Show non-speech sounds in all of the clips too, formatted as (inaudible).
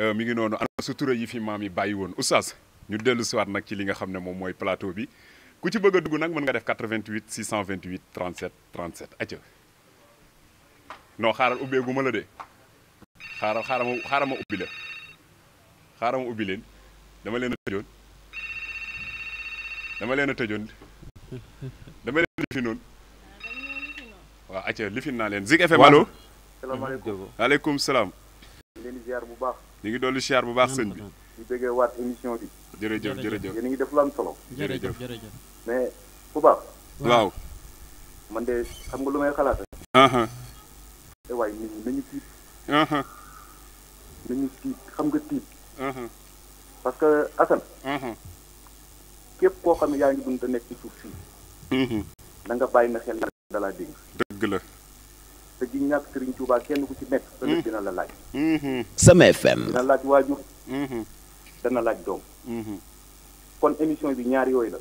Euh, mi ngi noonu ana sutura yi fi maam yi bàyyi woon oustaz ñu dellu siwaat nag ci li nga xam ne moom mooy plateau bi ku ci bëgg a dugg nag mën nga def 88 628 37 37 acca non xaaral ubbeegu ma la de xaaral xaaral ma xaaral ma ubbi la xaaral ma ubbi leen dama leen a tëjoon dama leen a tëjoon dama leen a fi noonu acca lifin naa leen Zik FM allo salaamaaleykum waaleykum salaam bu ñu ngi dolli siyaar bu baax sëñ bi. di déggee waat émission bi. jërëjëf jërëjëf yéen a ngi def lu am solo. jërëjëf jërëjëf mais bu baax. waaw. man de xam nga lu may xalaat. te uh-huh. eh waaye nit ñi nañu tiit. Uh-huh. nañu tiit xam nga tiit. Uh-huh. parce que Assane. képp koo xam ne yaa ngi dund te nekk ci suuf si. da bàyyi na xel dala dégg. dëgg la. te ji ñàkk Serigne Touba kenn ku ci nekk. ëllëg mm. dina la laaj. Mm-hmm. Sama FM. dina laaj waajur. Mm-hmm. dana laaj doom. Mm-hmm. kon émission bi ñaar yooyu la.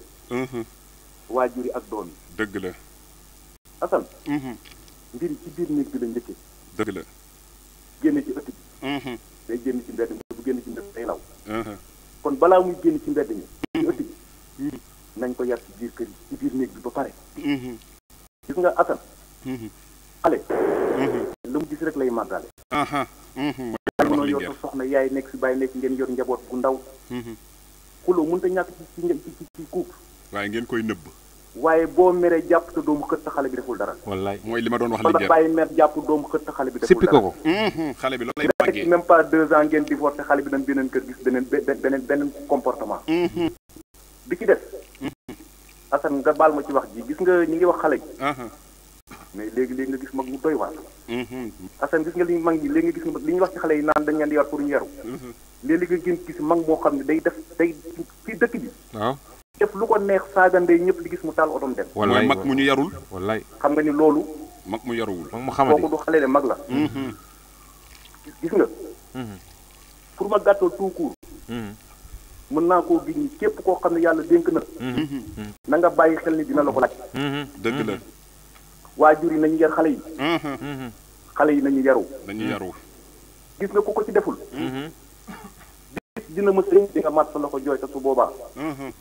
waajur yi ak doom dëgg la. Assane. mbir ci biir néeg bi la njëkkee. dëgg la. génn ci ëtt bi. day génn ci mbedd mi bu génn ci mbedd mi law. Uh-huh. kon balaa muy génn ci mbedd mi. ci ëtt bi. nañ ko yar ci biir kër yi ci biir néeg bi ba pare. gis nga Assane. xale mhm. lu mu gis rek lay màggale jamono mhm. yor soxna yaay nekk si bàyyi nekk ngeen yor njaboot bu ndaw mhm. xuloo mënut a ñàkk ci ci ci couple waaye ngeen koy nëbb waaye boo meree jàpp sa doomu xale bi deful dara wallaay li ma doon wax léegi wala bàyyi mer jàpp doomu xale bi deful dara xale bi loolu lay màggee même pas deux ans ngeen divorcé xale bi dem beneen kër gis beneen beneen beneen comportement bi ci def Assane nga baal ma ci wax ji gis nga ñi ngi wax xale ji mais léegi léegi nga gis mag mu doy waar. asan gis nga li mag ñi léegi nga li ñu wax ci xale yi naan dañ leen di yar pour ñu yaru. léegi nga gis gis mag moo xam ne day def day ci dëkk bi. def lu ko neex ñëpp di gis mu taal otom dem. mag mu ñu yarul. xam nga ni loolu. mag mu mag mu du xale de mag la. gis nga. pour ma gàttal tout court. mën naa koo gis ni képp koo xam ne yàlla dénk na. na nga bàyyi xel ni dina la ko laaj. dëgg la. waajur yi nañu yar xale yi. Mm-hmm. xale yi nañu yaru. nañu yaru. gis nga ku ko ci deful. bis mm-hmm. dina mës a di nga ko sa loxo jooy te su boobaa. Mm-hmm.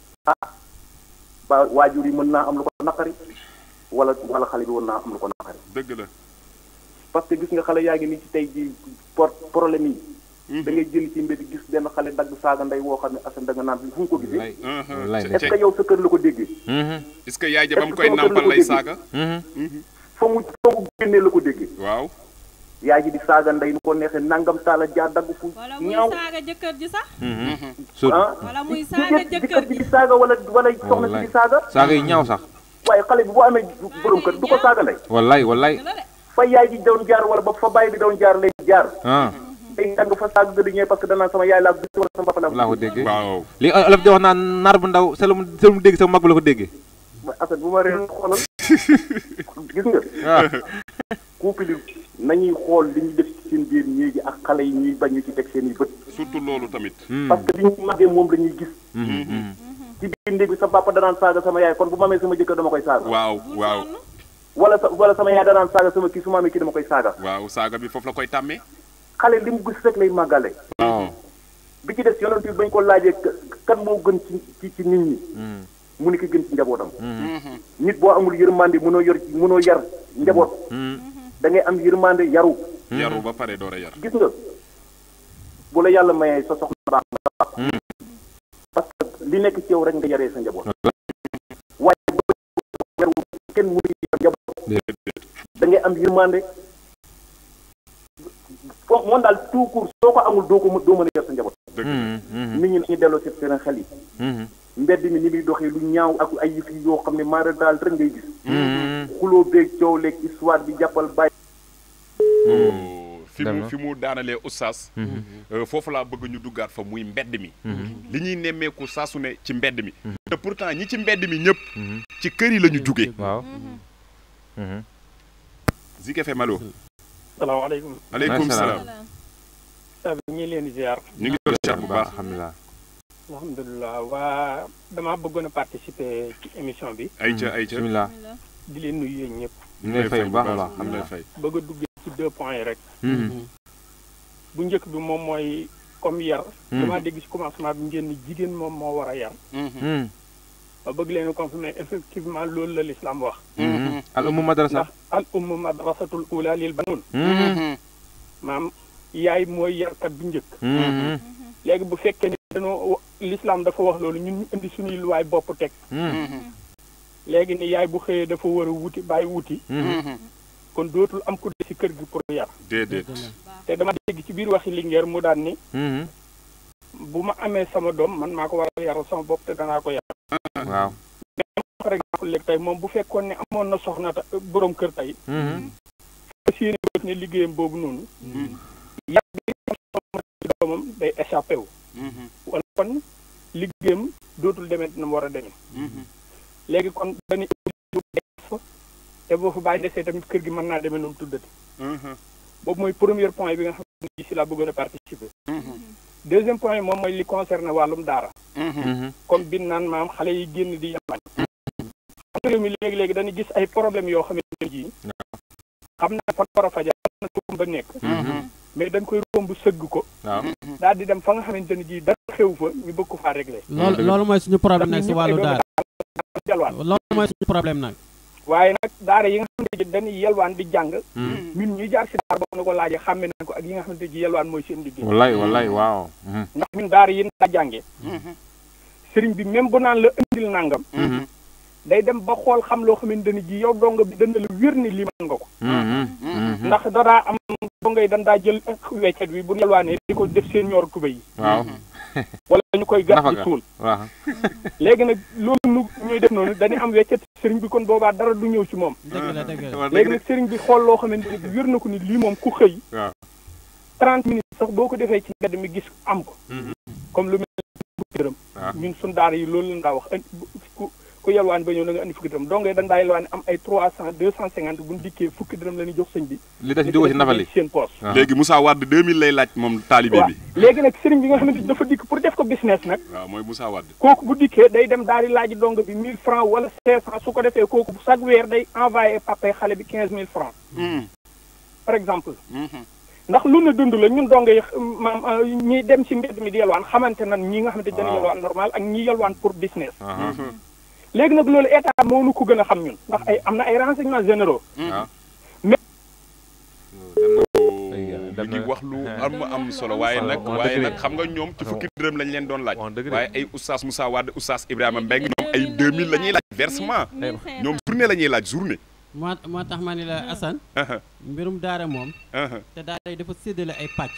Ah, waajur yi mën naa am lu ko naqari wala wala xale bi mën naa am lu ko naqari. dëgg la. parce que gis nga xale yaa ngi nii ci tey ji por problème yi. Mhm. da ngay jëli ci mbedd gis benn xale dagg saaga ndey woo xam ne asan da nga naan fu mu ko gisee. Mhm. est-ce que sa kër la ko déggee. Mhm. est que yaay ja ba mu koy nàmpal lay saaga. fa mu fa mu génnee la ko di saaga ndey nu ko neexee nangam taala jaar dagg fu. ñaaw wala muy saaga jëkkër ji sax. Ah. wala muy saaga jëkkër ji di saaga wala wala soxna si di saaga. saaga yi ñaaw sax. waaye xale bi boo amee borom kër du ko saaga ndey. wallaay wallaay. fa yaay ji doon jaar wala ba fa baay bi doon jaar lay jaar. Ah. day dang fa saagu gëdiñee parce que danaan sama yaay laa ko déggee waaw li olof di wax naan naar bu ndaw selum selum dégg sama mag bu la ko dégge asan bu ma réer xoolal (laughs) gis nga waaw ah. couple nañuy xool li ñu def ci seen biir ñii ak xale yi ñuy bañ ñu ci teg seen i bët surtout loolu tamit hmm. parce que li ñuy màggee moom la ñuy gis hmm, hmm, ci biir néeg bi sa papa danaan saaga sama yaay kon bu ma amee sama jëkkër dama koy saaga waaw waaw wala sa wala sama yaay danaan saaga sama kii su ma amee kii dama koy saaga waaw saaga bi foofu la koy tàmmee xale li mu gis rek lay màggale. bi ci des yonent bi bañ ko laajee kan moo gën ci ci nit ñi. Hmm. mu ni ki gën ci njabootam. Hmm. Hmm. nit boo amul yërmande mënoo yor mënoo yar njaboot. da ngay am yërmande yaru. yaru ba pare door a gis nga bu la yàlla mayee sa soxna baax na baax. parce que li nekk ci yow rek nga yaree sa njaboot. waaye boo kenn mënu yor njaboot. da ngay am yërmande. gox moom daal tout court soo ko amul doo ko doo mën a yor sa njaboot. Mm-hmm. Mm-hmm. nit ñi ñu delloo ci seen xel yi. Mm-hmm. mbedd mi ni muy doxee lu ñaaw ak ay yëf yi yoo xam ne maara daal rek ngay gis. xuloo beeg coow histoire bi jàppal bàyyi. fi mu fi mu daanalee oustaz euh, foofu laa bëgg ñu duggaat fa muy mbedd mi li ñuy nemmeeku saasu ne ci mbedd mi te pourtant ñi ci mbedd mi ñëpp ci kër yi lañu ñu jugee waaw salaamaaleykum. maaleykum salaam. ñu ngi leen di ziar. ñu ngi leen di ziar bu baax alhamdulilah. alhamdulilah waa damaa bëggoon a participer ci émission bi. ay ayca bisimilah. di leen nuyu yéen ñëpp. ñu ngi fay bu baax a baax am lay bëgg a dugg ci deux points yi rek. Hmm. bu njëkk bi moom mooy comme yar. Hmm. damaa dégg ci commencement bi ngeen ni jigéen moom moo war a yar. Hmm. ma bëgg leen confirmer effectivement loolu la l'islam wax. al ummu madrasa ndax al ummu madrasatul ula lil banuun. maam yaay mooy yarkat bu njëkk. léegi bu fekkee ne dañoo l'islam dafa wax loolu ñun ñu indi suñuy luwaay bopp teg. léegi ni yaay bu xëyee dafa war a wuti bàyyi wuti. kon dootul am ku des ci kër gi pour yar. déedéet. te dama dégg ci biir waxi Linguère mu daan ni. bu ma amee sama doom man maa ko war a yaral sama bopp te danaa ko yar. waaw moom bu fekkoon ne amoon na soxna boroom kër tey mm-hmm. fas yéene ne liggéeyam boobu noonu mm-hmm. yàgg bi ci doomam day échappé wu mm-hmm. kon liggéeyam dootul demee na mu war a demee léegi kon dañu fa te boo fa bàyyi desee tamit kër gi man naa demee noonu tuddati boobu mooy premier point bi nga xam ne si la bëggoon a participer deuxième point moom mooy li concerne wàllum daara. Mm-hmm. comme bin naan maam xale yi génn di yàmbañ. xam nga réew mi léegi léegi dañuy gis ay problèmes yoo xamante ne jii. xam naa fa war a faja xam mm-hmm. mais dañ koy romb sëgg ko. Mm-hmm. daal di dem fa nga xamante ne jii dara xew fa ñu bëgg ko faa réglé. loolu loolu mooy suñu problème nag si wàllu daara. loolu mooy suñu problème nag. waaye nag daara yi nga xamante ji dañuy yelwaan di jàng hmm. ñun ñuy jaar si daara boo na ko laajee xàmme nañ ko ak yi nga xam xamante ji yelwaan mooy seen liggéey wallaay wallaay waaw hmm. ndax ñun daara yi daa jàngee hmm. sëriñ bi même bu naan la indil nangam day dem ba xool xam loo xamante ni ji yow dongo bi dana la wér ni lii mën nga ko ndax dadaa am dongo yi dan daa jël weccet wi bu yelwaanee di ko def seen ñor kuba yi wala ñu koy gas di suul léegi nag loolu nu ñuy def noonu dañuy am weccet sëriñ bi kon boobaa dara du ñëw ci moom léegi nag sëriñ bi xool loo xamante ne wér na ko ni lii moom ku xëy trente minutes sax boo ko defee ci mbedd mi gis am ko mhm. comme lu mel bu këram ñun suñ daara yi loolu lañ daa wax ku yalwaan ba ñëw na nga andi fukki dërëm donc da nga daa yalwaan am ay trois cent deux cent cinquante bu ñu dikkee fukki dërëm la jox sëñ bi li des di ko nafali ah. léegi Moussa Wade deux mille lay laaj moom taalibe bi léegi nag sëriñ nga xamante dafa dikk pour def ko business nag waaw mooy Moussa Wade kooku bu dikkee day dem daal di laaj dong bi mille francs wala cinq cent su ko defee kooku chaque weer day envoyé hmm. par exemple hmm. ndax lu ne dund léegi nag loolu état moo nu ko gën a xam ñun ndax ay am na ay renseignements généraux. Hmm. Ah. ñu ngi wax lu am am solo waaye nag waaye nag xam nga ñoom ci fukki dërëm lañ leen doon laaj oh, waaye ay oustaz Moussa Wade oustaz Ibrahima Mbengue ñoom ay 2000 la ñuy laaj versement ñoom journée la ñuy laaj journée moo moo tax ma ne la asan (laughs) uh-huh. mbirum daara moom uh-huh. te daara yi dafa séddale ay pàcc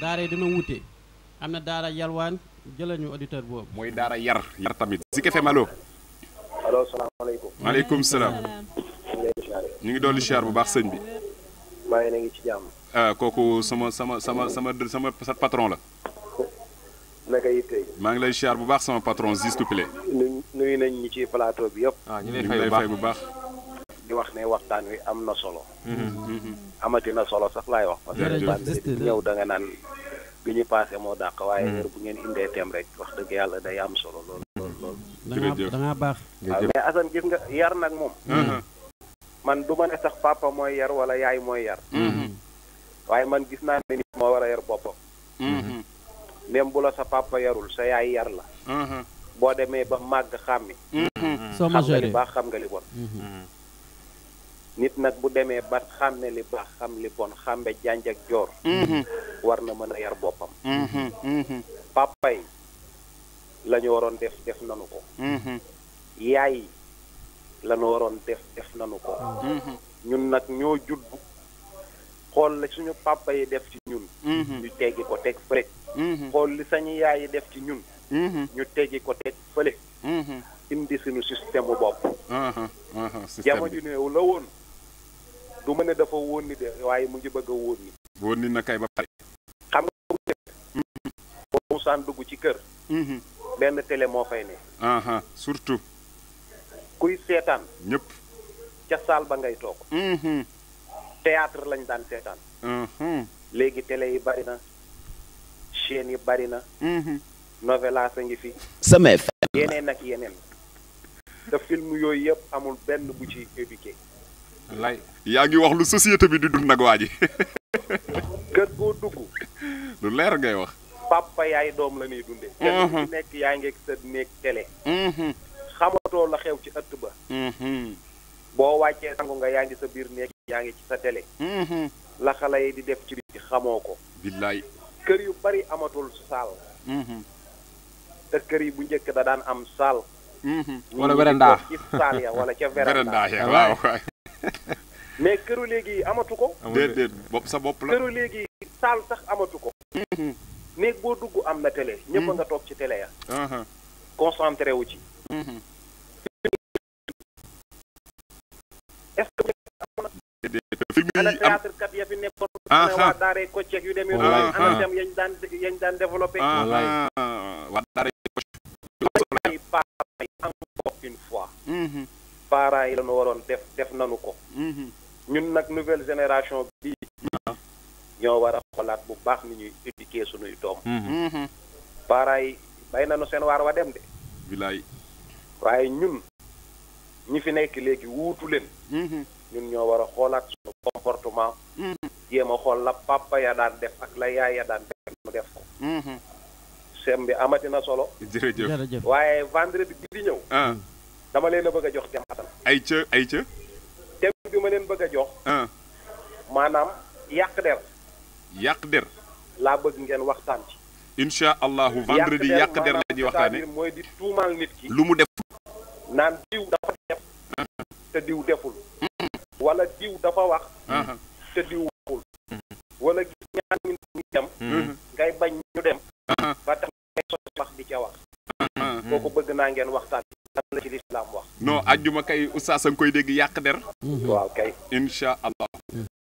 daara yi dina wute am na daara yalwaan jëlañu auditeur boobu mooy daara yar yar tamit Zik FM allo allo salaamaaleykum. maaleykum salaam. ñu ngi dolli siyaar bu baax sëñ bi. waaye na ngi ci jàmm. Ah, kooku sama sama sama sama sama sa patron la. naka yitte. maa ngi lay siyaar bu baax sama patron s'il te plaît. nuyu nañ ñi ci palaato bi yëpp. Ah, ñu ngi lay fay bu baax di wax ne waxtaan wi am na solo. Mm-hmm. Mm-hmm. amati na solo sax laay wax. parce que ñëw da naan bi ñu passé moo dàq waaye heure bu ngeen indee tem rek wax dëgg yàlla day am solo lool lool lool da nga baax mais asan gis nga yar nag moom hmm. hmm. man du ma ne sax papa mooy yar wala yaay mooy yar hmm. waaye man gis naa ne moo war a yar boppam même bu la sa papa yarul sa yaay yar la boo demee ba màgg xàmmi xam nga li baax xam nga li bon nit nag bu demee ba xam ne li baax xam li bon xàmbe janj joor mm-hmm. war na mën a yar boppam mm-hmm. Mm-hmm. papa yi waroon def def nanu ko yaay lañu waroon def def nanu ko ñun nag ñoo judd xool la suñu papa yi def ci ñun ñu teggi ko teg fële xool li sañu yaay def ci ñun ñu teggi ko teg fële indi suñu système bopp uh-huh. Uh-huh. jamono ju néew la woon du ma ne dafa woon ni de waaye mu ngi bëgg a woon ni. woon ni na kay ba pare. xam nga bu njëkk. Mm-hmm. dugg ci kër. Mm-hmm. benn télé moo fay ne. surtout. kuy seetaan. ñépp ca saal ba ngay toog. Mm-hmm. théâtre lañ daan seetaan. léegi télé yi bari na chaîne yi bari na. novela sa ngi fi. sama FM yeneen ak yeneen. te film yooyu yëpp amul benn bu ci éduqué. wallahi yang wax lu société bi di dund nak waji kër go dugg lu leer ngay wax papa yaay doom la ni dundé mhm. nek yaangi ak sa nek télé hmm xamato la xew ci ëtt ba hmm bo sangu nga yaangi sa nek yaangi ci sa télé hmm la di def ci biti xamoko billahi kër yu bari amatul sal hmm te kër yi bu da daan am sal mhm. wala veranda ci sal ya wala ca (laughs) veranda ya waaw mais këru léegi amatu ko. déedéet bopp sa bopp la këru léegi saal sax amatu ko. néeg boo dugg am na télé. ñëpp nga toog ci télé ya. concentré wu ci. est-ce que. film yi am théâtre kat ya fi nekkoon. waa Daaree Kocceeg yu demee. wallaay ana dem yañ daan yañ daan développé. wallaay waa Daaree Kocceeg. encore une fois. parents yi la waroon def def nanu ko mhm. ñun nag nouvelle génération bii ñoo war a xolaat bu baax ni ñuy éduquer suñuy doom mhm. Mhm. parents yi bay nanu seen waar wa dem de waaye ñun ñi fi nekk léegi wuutu leen ñun ñoo war a xoolaat suñu comportement jéem a xool la papa ya daan def ak la yaay ya daan def mu ko sem bi amati na solo jërëjëf waaye vendredi bi di ñëw ah. dama leen a bëgg a jox thème Assane. ay ca ay ca. thème bi ma leen bëgg a jox. Ah. maanaam yàq der. yàq der. laa bëgg ngeen waxtaan ci. incha allahu vendredi yàq der la ñuy waxtaane mooy di tuumaal nit ki. lu mu def. naan diw dafa def. Ah. te diw deful. Mm-hmm. wala diw dafa wax. te diw waxul. Mm-hmm. wala gis ñaar ñu dem. Mm-hmm. ngay bañ ñu dem. ba tax ngay wax di ca wax. bëgg naa ngeen waxtaan. la ci non ajjuma kay oustaz a koy dégg yàq der. Mhm. waaw kay. incha allah.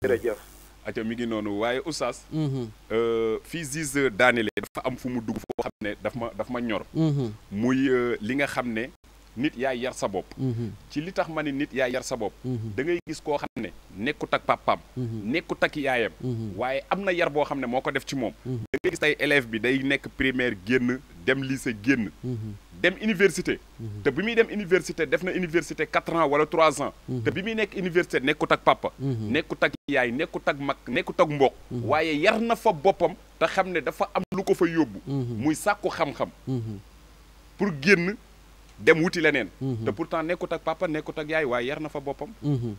jërëjëf. aca mi ngi noonu waaye oustaz. Mhm. Euh, fii Ziz daanelee dafa am fu mu dugg foo xam ne daf ma daf ma ñor. Mhm. muy euh, li nga xam ne. nit yaay yar sa bop mhm. ci li tax ni nit yaay yar sa bop mhm. da ngay gis ko xam nekkut ak papaam mhm. nekkut ak yaayam waye amna yar bo xam moko def ci mom da ngay gis tay élève bi day nekk primaire génn dem lycée génn dem université te bi dem université def na université quatre ans wala trois ans te bi nekk université nekkut ak papa nekkut ak yaay nekkut ak mak nekkut ak mbokk waye yar na fa boppam te xam dafa am lu ko fa yobbu muy sakku xam-xam pour génn dem wuti leneen. Mhm. te pourtant nekkut ak papa nekkut ak yaay waaye yar na fa boppam. Mhm.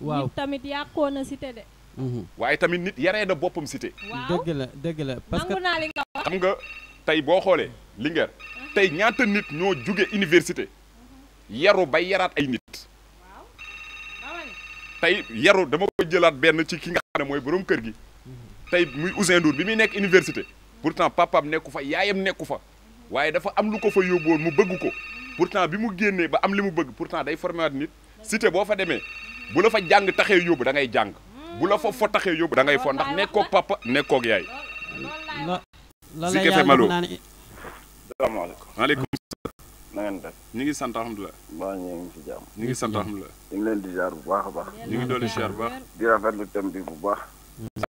waaw nit tamit yàqoo na cité de. Mhm. waaye tamit nit yaree na boppam cité. dëgg la dëgg la parce que nangu naa li nga xam nga tey boo xoolee Linguère uh-huh. tey ñaata nit ñoo jóge université uh-huh. yaru bay yaraat ay nit. tey yaru dama ko jëlaat benn ci ki nga xam ne mooy boroom kër gi. tey muy Ousin Ndour bi muy nekk université. Uh-huh. pourtant papaam nekku fa yaayam nekku fa. waaye dafa am lu ko fa yóbbuwoon mu bëgg ko pourtant bi mu génnee ba am li mu bëgg pourtant day formé waat nit cité boo fa demee bu la fa jàng taxee yóbbu da ngay jàng bu la fa fo taxee yóbbu da ngay fo ndax nekkoog papa nekkoog yaay. Malo salaamaaleykum. maaleykum salaam. na ngeen def. ñu ngi sant alhamdulilah. mbaa ñu ngi ci jàmm. ñu ngi sant alhamdulilah. ñu ngi leen di jaar bu baax baax. ñu ngi dolli siyaar bu baax. di bi bu baax.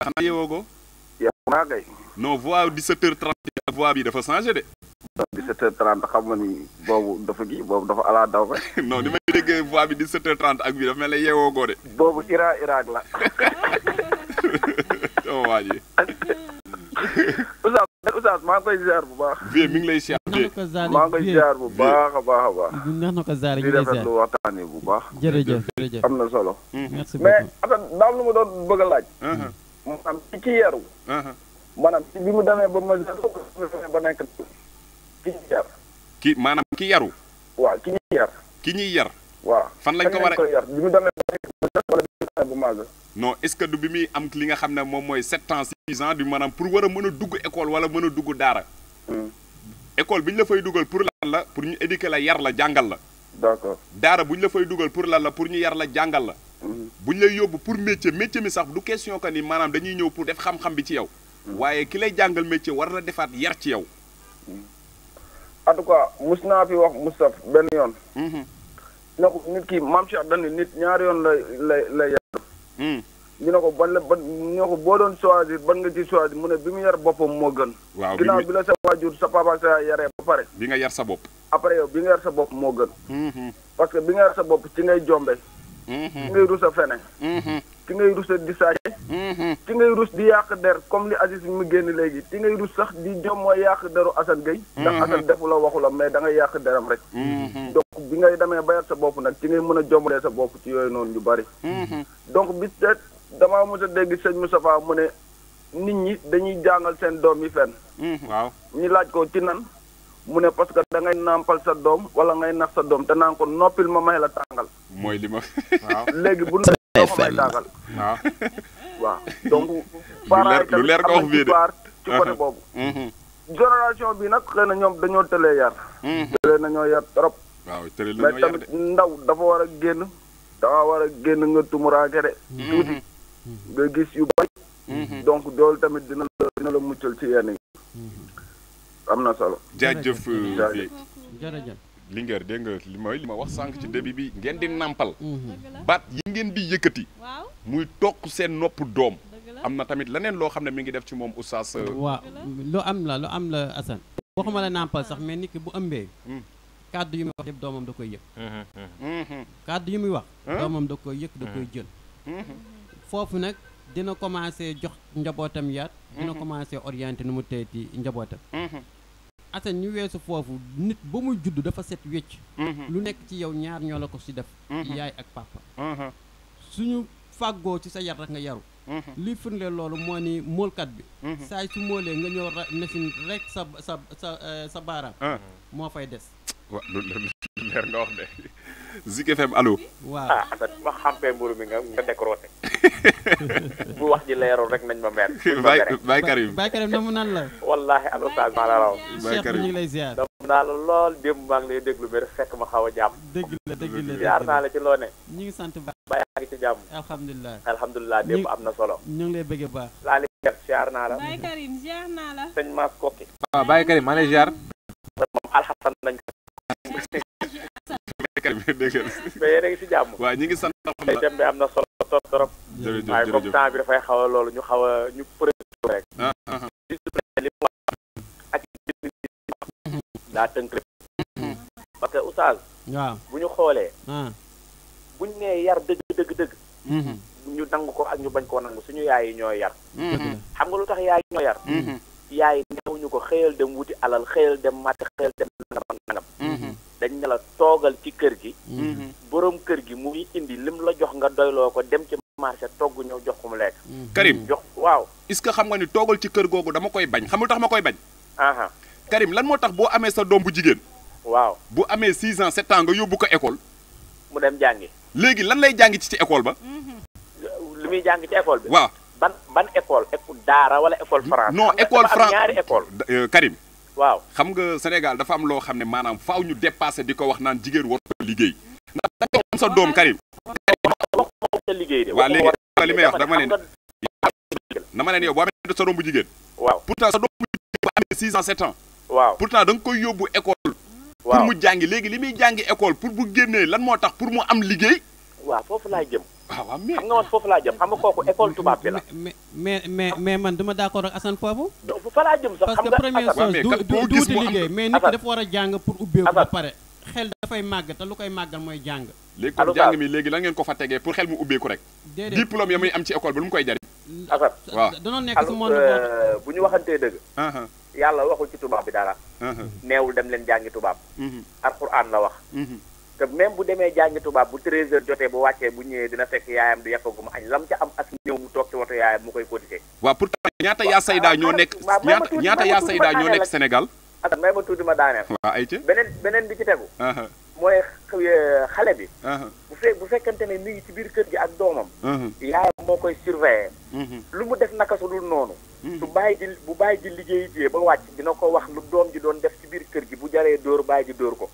xanaa ko. yeewoo naa kay. non voix 17 h bi dafa changé de. dix-sept heures trente xam nga ni boobu dafa gi boobu dafa ala daw ba (laughs) non ni may déggee voix bi dix-sept heures trente ak bii dafa mel ne yeewoo goo de (laughs) boobu Iran Irak la (laughs) sama waa ji koy ziar bu baax bi baax a baax a baax neex na ko ziar ñu lay ziar lu waxtaane bu baax jërëjëf jërëjëf am na solo mm-hmm. merci beaucoup a uh-huh. uh-huh. bi mu demee ba ma ba nekk ki maanaam ki yaru. waaw ki ñuy yar. ki ñuy yar. waaw fan lañ ko war a yar bi mu demee wala bu màgg. non est-ce que bi muy am li nga xam ne moom mooy sept ans six ans du maanaam pour war a mën a dugg école wala mën a dugg daara. Hmm. école bi ñu la fay dugal pour lan la pour ñu éduquer la yar la jàngal la. d'accord daara bu ñu la fay dugal pour lan la pour ñu yar la jàngal la. Hmm. bu ñu lay yóbbu pour métier métier mi sax du question que ni maanaam dañuy ñëw pour def xam-xam bi ci yow. Hmm. waaye ki lay jàngal métier war defaat yar ci yow. en tout cas mus naa fi wax Moustapha benn yoon. Mhm. ne ko nit ki maam Cheikh dañ nit ñaari yoon la lay la yar. Mhm. ñu ne ko ban la ban ñu ne ko boo doon choisir ban nga ci choisir mu ne bi mu yar boppam moo gën. waaw ginnaaw bi la sa waajur sa papa sa yaree ba pare. bi nga yar sa bopp. après yow bi nga yar sa bopp moo gën. Mhm. parce que bi nga yar sa bopp ci ngay jombe. ci mm-hmm. ngay rus a fene ci mm-hmm. ngay rus a di sàcce ci mm-hmm. ngay rus di yàq der comme li Aziz mu génn léegi ci ngay rus sax di jom mooy yàq deru Assane Gueye ndax Assane defu la waxu la mais da ngay yàq deram rek donc bi ngay demee bayat sa bopp nag ci ngay mën a jombalee sa bopp ci yooyu noonu lu bari donc bi te damaa mos a dégg sëñ Moustapha mu ne nit ñi dañuy jàngal seen doom yi fenn waaw ñu laaj ko ci nan mu ne parce que da nàmpal sa doom wala ngay nax sa doom te naan ko noppil ma may la tàngal. mooy li ma. (laughs) léegi bu (laughs) noppil ma may tàngal. waaw. waaw donc. (laughs) lu leer nga wax bii de uh-huh. mm-hmm. nag xëy na ñoom dañoo tëlee yar. Mm-hmm. tëlee nañoo trop. waaw tamit ndaw dafa war a génn. dafa war a génn nga tumuraanke de. Mm-hmm. tuuti nga gis yu bari. donc doolu tamit dina la dina la muccal ci yenn yi. am na solo. jaajëf bi jërëjëf Linguère dégg nga li mooy li ma wax sànq ci début bi ngeen di nàmpal. Mhm. baat yi ngeen di yëkkati. muy toog seen nopp doom. am na tamit leneen loo xam ne mi ngi def ci moom oustaz. Euh, waaw lu am la lu am la Assane. waxuma la nàmpal sax mais nit ki bu ëmbee. Hmm. kàddu yi muy wax yëpp doomam da koy yëg. Hmm, hmm, kàddu yi muy wax. doomam da koy yëg da koy jël. foofu nag. dina commencé jox njabootam yaat. dina mm-hmm. commencé orienté nu mu teeti njabootam. Mm-hmm. Assane ñu weesu foofu nit ba muy judd dafa set wecc mm-hmm. lu nekk ci yow ñaar ñoo la ko si def. yaay ak su ñu fàggoo ci sa yar rek nga yaru. li firnde loolu moo ni moolkat bi. saay su moolee nga ñëw machine rek sa sa sa sa eh, baaraam. Ah. moo fay des. wa lu leer nga wax de. (laughs) Zik FM allo. waaw ah man ma xàmpee mburu mi nga nga décroché. (laughs) bu wax ji leeroon rek nañ ma mer. Baye (laughs) Baye Karim Baye Karim namu mu la. wallaahi al oustaz maa la lool démb maa ngi lay déglu mais fekk ma xaw a jàmm. dëgg la dëgg la ziar naa la ci loo ñu ngi sant ba. Baye yaa ngi ci alhamdulilah am na solo. ñu ngi lay bëgg baax. laali kat ziar naa la. Baye Karim ziar naa la. sëñ Mass Kokki. waaw ah, Baye Karim maa lay ziar. moom alxasan nañ (laughs) mais yéen a ngi si jàmm. waaw ñu ngi sant alhamdulilah thème bi am na solo trop trop. jërëjëf waaye comme temps bi dafay xaw loolu ñu xaw a ñu profité rek. Ah, ah, ah. li ak li mu daa tënk rek. parce que oustaz. bu ñu xoolee. buñ nee yar dëgg dëgg dëgg. Mhm. ñu nangu ko ak ñu bañ koo nangu suñu yaay yi ñooy yar. Mhm. xam nga lu tax yaay yi ñooy yar. Mhm. yaay newuñu ko xëyal dem wuti alal xëyal dem màtt xëyal dem nangam nangam mm-hmm. dañ ne la toogal ci kër gi mm-hmm. boroom kër gi mu ngi indi lim la jox nga doyloo ko dem ci marché togg ñëw jox ko mu lekk mm-hmm. Karim jox waaw est-ce que xam nga ni toogal ci kër googu dama koy bañ xam lu tax ma koy bañ aha Karim lan moo tax boo amee sa doom bu jigéen waaw bu amee six ans sept nga yóbbu ko école mu dem jàngi léegi lan lay jàngi ci ci école ba li muy jàngi ci école bi waaw ban ban école école daara wala école France. non école France ñaari euh, Karim. waaw xam nga Sénégal dafa am loo xam ne maanaam faw ñu dépassé di ko wax naan jigéen war liggéey. ndax da nga am sa doom Karim. waaw léegi li may wax dama leen. dama leen yow boo amee sa doom bu jigéen. waaw pourtant sa doom bu jigéen bu amee 6 ans 7 ans. waaw koy yóbbu école. pour mu jàngi léegi li muy jàngi école pour bu génnee lan moo tax pour mu am liggéey. Ah, waaw mais xam nga man foofu laa jëm xam nga kooku école tubaab bi la. mais mais mais mais man dama d'accord ak foofu. fa laa jëm sax xam nga parce que première chose du du du liggéey mais nit ki dafa war a jàng pour ubbeeku ba pare. xel dafay màgg te koy màggal mooy jàng. léegi kon jàng mi léegi lan ngeen ko fa tegee pour xel mu ubbeeku rek. déedéet diplôme muy am ci école bi lu mu koy jariñ. Assane waaw danoo nekk si monde euh, bu ñu waxantee dëgg. Uh-huh. yàlla waxul ci tubaab bi dara. Uh-huh. neewul dem leen jàngi tubaab. Uh-huh. alxuraan la wax. te même bu demee jàngi tubaab bu 13h jotee bu wàccee bu ñëwee dina fekk yaayam du yàqagu añ lam ca am as ñëw mu toog ci woto yaayam mu koy cotiser. waaw pourtant ñaata yaa sayda ñoo nekk. ñaata ñaata yaa sayda ñoo nekk Sénégal. ak may ma tuuti ma daaneel. beneen beneen bi ci tegu. mooy euh, xale bi. bu fe bu fekkente ne mi ngi ci biir kër gi ak doomam. yaayam moo koy surveiller. lu mu def naka su dul noonu. su bàyyi ji bu bàyyi ji liggéeyi jiyee ba wàcc dina ko wax lu doom ji doon def ci kër gi bu jaree dóor bàyyi dóor ko.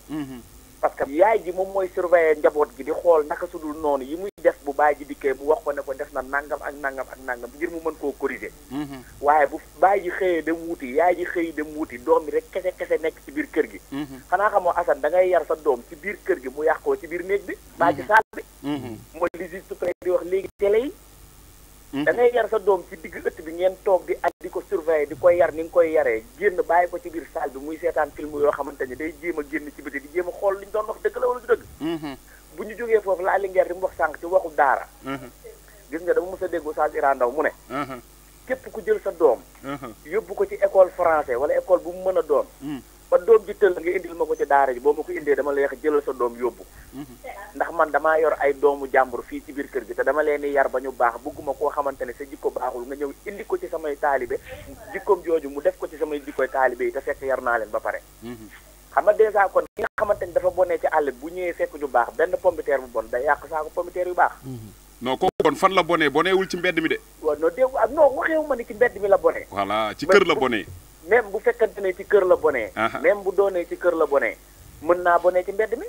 parce que yaay ji moom mooy surveiller njaboot gi di xool naka sudul noonu yi muy def bu baay ji dikkee mu wax ko ne ko def na nangam ak nangam ak nangam ngir mu mën koo corriger mhm. waaye bu baay ji xëyee dem wuti yaay ji xëyi dem wuti doom bi rek kese kese nekk ci biir kër gi mhm. xanaa xamoo Assane da ngay yar sa doom ci biir kër gi mu yàqoo ci biir néeg bi mhm. baa ci saal bi mooy li juste di wax léegi tele yi Hmm? da ngay yar sa doom ci digg ëtt bi ngeen toog di ak di ko surveiller di ko yar ni nga koy yaree génn bàyyi ko ci biir salle bi muy seetaan film yoo xamante ni day jéem a génn ci biti di jéem a xool li ñu doon wax dëgg la wala du dëgg hmm. bu ñu jógee foofu laa li ngeer di mu wax sànq ci waxu daara hmm. gis nga dama mos a déggu Oustaz Iran Ndaw mu ne képp ku jël sa doom yóbbu ko ci école français wala école bu mu mën a doon ba doom ji tëll nga indil ma ko ci daara ji boo ma ko indee dama lay wax jëlal sa doom yóbbu mhm. ndax man damaa yor ay doomu jàmbur fii ci biir kër gi te dama leen yar ba ñu baax bëgguma koo xamante ne sa jikko baaxul nga ñëw indi ko ci samay taalibe jikkoom jooju mu def ko ci samay jikkoy taalibe yi te fekk yar naa leen ba pare mhm. xam nga dèjà kon ki nga xamante dafa bonee ci àll bu ñëwee fekk ñu baax benn pompiteer bu bon day yàq saako pompiteer yu baax mhm. non kooku kon fan la bonee boneewul ci mbedd mi de waaw non ak ah, non waxeewu ma ni ci mbedd mi la bonee voilà ci kër la bonee même bu fekkante ne ci kër la bonee. même bu doonee ci kër la bone mën naa bonee ci mbedd mi.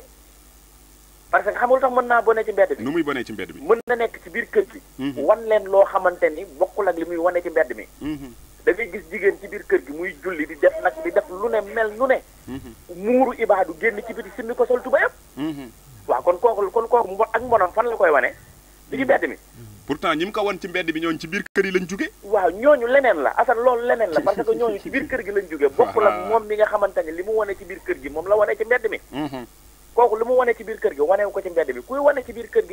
parce que xamul tax mën naa bone ci mbedd mi. nu muy bonee ci mbedd mi. mën na nekk ci biir kër mhm. wan leen loo xamante ni bokkul ak li muy wane ci mbedd mi. Mhm. da ngay gis jigéen ci biir kër gi muy julli di def nag di def lu ne mel lu ne. Mhm. muuru ibaadu génn ci biti simmi ko sol tubayam. waa kon kooku kon kooku ak mbonam fan la koy wane. li ci mbedd mi. pourtant ñi mu ko won ci mbedd bi ñooñu ci biir kër yi lañ jóge waaw ñooñu leneen la asan loolu leneen la (laughs) parce que ñooñu ci biir kër gi lañ jóge bopp la moom mi nga xamante ne li mu wane ci biir kër gi moom la wane mhm. ci biir kër gi wane ko ci mbedd mi kuy wane ci biir kër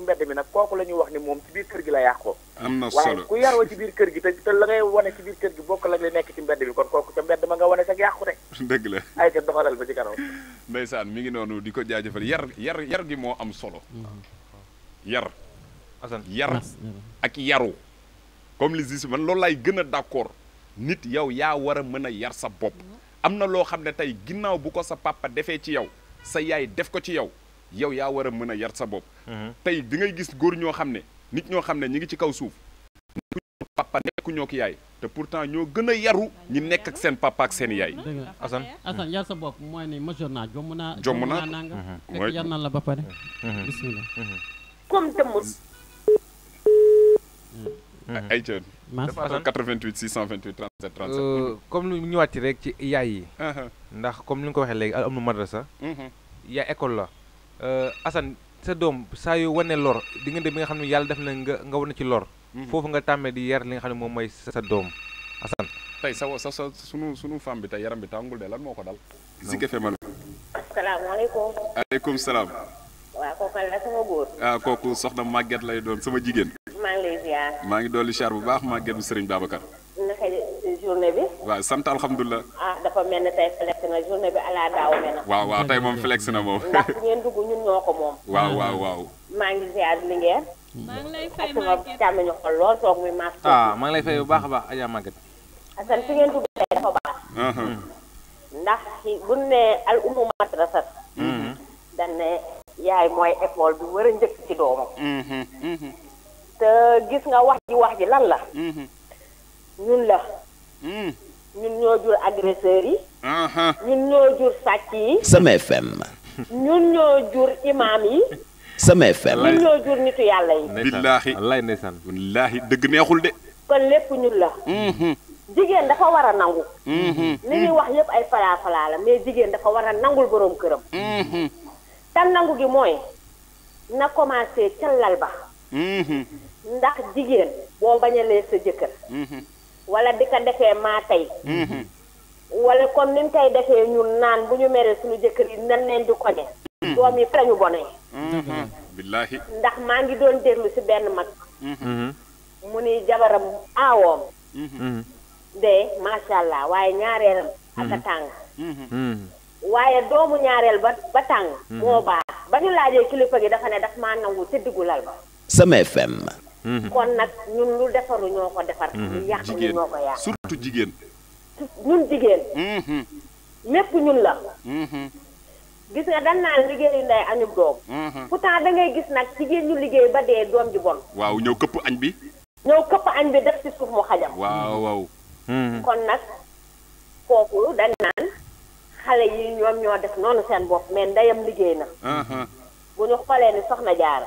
mbedd mi nag kooku la wax ni moom ci biir kër gi la yàqoo am na solo waaye ku yaroo ci biir kër gi te te la ngay wane ci biir kër gi bokk la li nekk ci mbedd mi kon kooku ca mbedd ma nga (laughs) noonu di ko jaajëfal yar yar yar gi moo am solo mm-hmm. yar yar ah. ak yaru comme les justice man loolu laay gën a d'accord nit yow yaa war a mën a yar sa bopp am na loo xam ne tey ginnaaw bu ko sa papa defee ci yow sa yaay def ko ci yow yow yaa war a mën a yar sa bopp mhm. tey di ngay gis góor ñoo xam ne nit ñoo xam ne ñi ngi ci kaw suuf nekkuñoo papa nekkuñoo ki yaay te pourtant ñoo gën a yaru ñi nekk ak seen papa ak seen yaay asan asan yar sa bopp mooy ni majeur naa jomm naa jomm naa nanga fekk yar na la ba pare mhm. bismillah mhm. comme Mm. ay cër. dafa am 88 628 37 37. comme lu ñu ci rek ci yaay yi. Uh-huh. ndax comme li nga ko waxee léegi am na madrasa. Mm-hmm. yaa école la. Euh, assan sa doom saa yu wane lor diggante bi nga xam ne yàlla def na nga nga wane ci lor. Mm-hmm. foofu nga tàmmee di yar li xam ne moom mooy sa doom Assane. tey sa sa sa sunu sunu femme bi tey yaram bi tàngul de lan moo ko dal. Zik FM. asalaamaaleykum. aleykum salaam. waaw kooku la sama góor. ah kooku soxna Maguette lay doon sama jigéen. maa ngi lay ziar. maa ngi dolli bu baax maa gën Serigne Babacar. naka journée bi. waaw sant alhamdulilah. Ah, dafa mel ne tey flex na journée bi ala daaw mel na. waaw waaw tey moom flex na moom. ndax ngeen dugg ñun ñoo ko moom. (laughs) waaw waaw maa ngi ziar li ngeen. maa ngi lay fay maa ngi ñu xol lool toog mi maa. ah maa ngi lay a uh-huh. ndax bu mm-hmm. ne al umu madrasat. dañ yaay mooy école bi war a njëkk ci doomam. Mm-hmm, mm-hmm. gis nga wax ji wax ji lan la. Mhm. ñun la. Mhm. ñun ñoo jur agresseurs yi. Uh-huh. ñun ñoo jur sàcc yi. Sama fen ñun ñoo jur imaam yi. Sama FM. ñun ñoo jur nitu yàlla yi. billaahi dëgg neexul de. kon lépp ñun la. Mhm. jigéen dafa war a nangu. li ñuy wax yépp ay falaa falaa la mais jigéen dafa war a nangul boroom këram. te nangu gi mooy na commencé ca ba. ndax jigéen boo bañalee sa jëkkër mhm. wala di ko defee maa tey mhm. wala kon ni mu koy defee ñun naan bu ñu meree suñu jëkkër yi nan leen di koñe mhm. doom yi fa lañu bonee billaahi ndax maa ngi doon déglu ci benn mag mu ni jabaram aawoom de macha waaye ñaareelam aka tàng waaye doomu ñaareel ba ba tàng moo baax ba ñu laajee kilifa gi dafa ne daf maa nangu ci diggu lal ba Sama FM Mhm. kon nag ñun lu defaru ñoo ko defar. Mhm. lu yàq surtout jigéen. ñun jigéen. lépp mhm. ñun la. gis nga dañ naan liggéeyu ndey añub doom. pourtant da ngay gis nag jigéen ñu liggéey ba dee doom ji bon. waaw ñëw këpp añ bi. ñëw këpp añ bi def ci suuf mu xajam. waaw waaw. kon nag kooku dañ naan xale yi ñoom ñoo def noonu seen bopp mais ndeyam liggéey na. bu ñu xoolee ni soxna jaara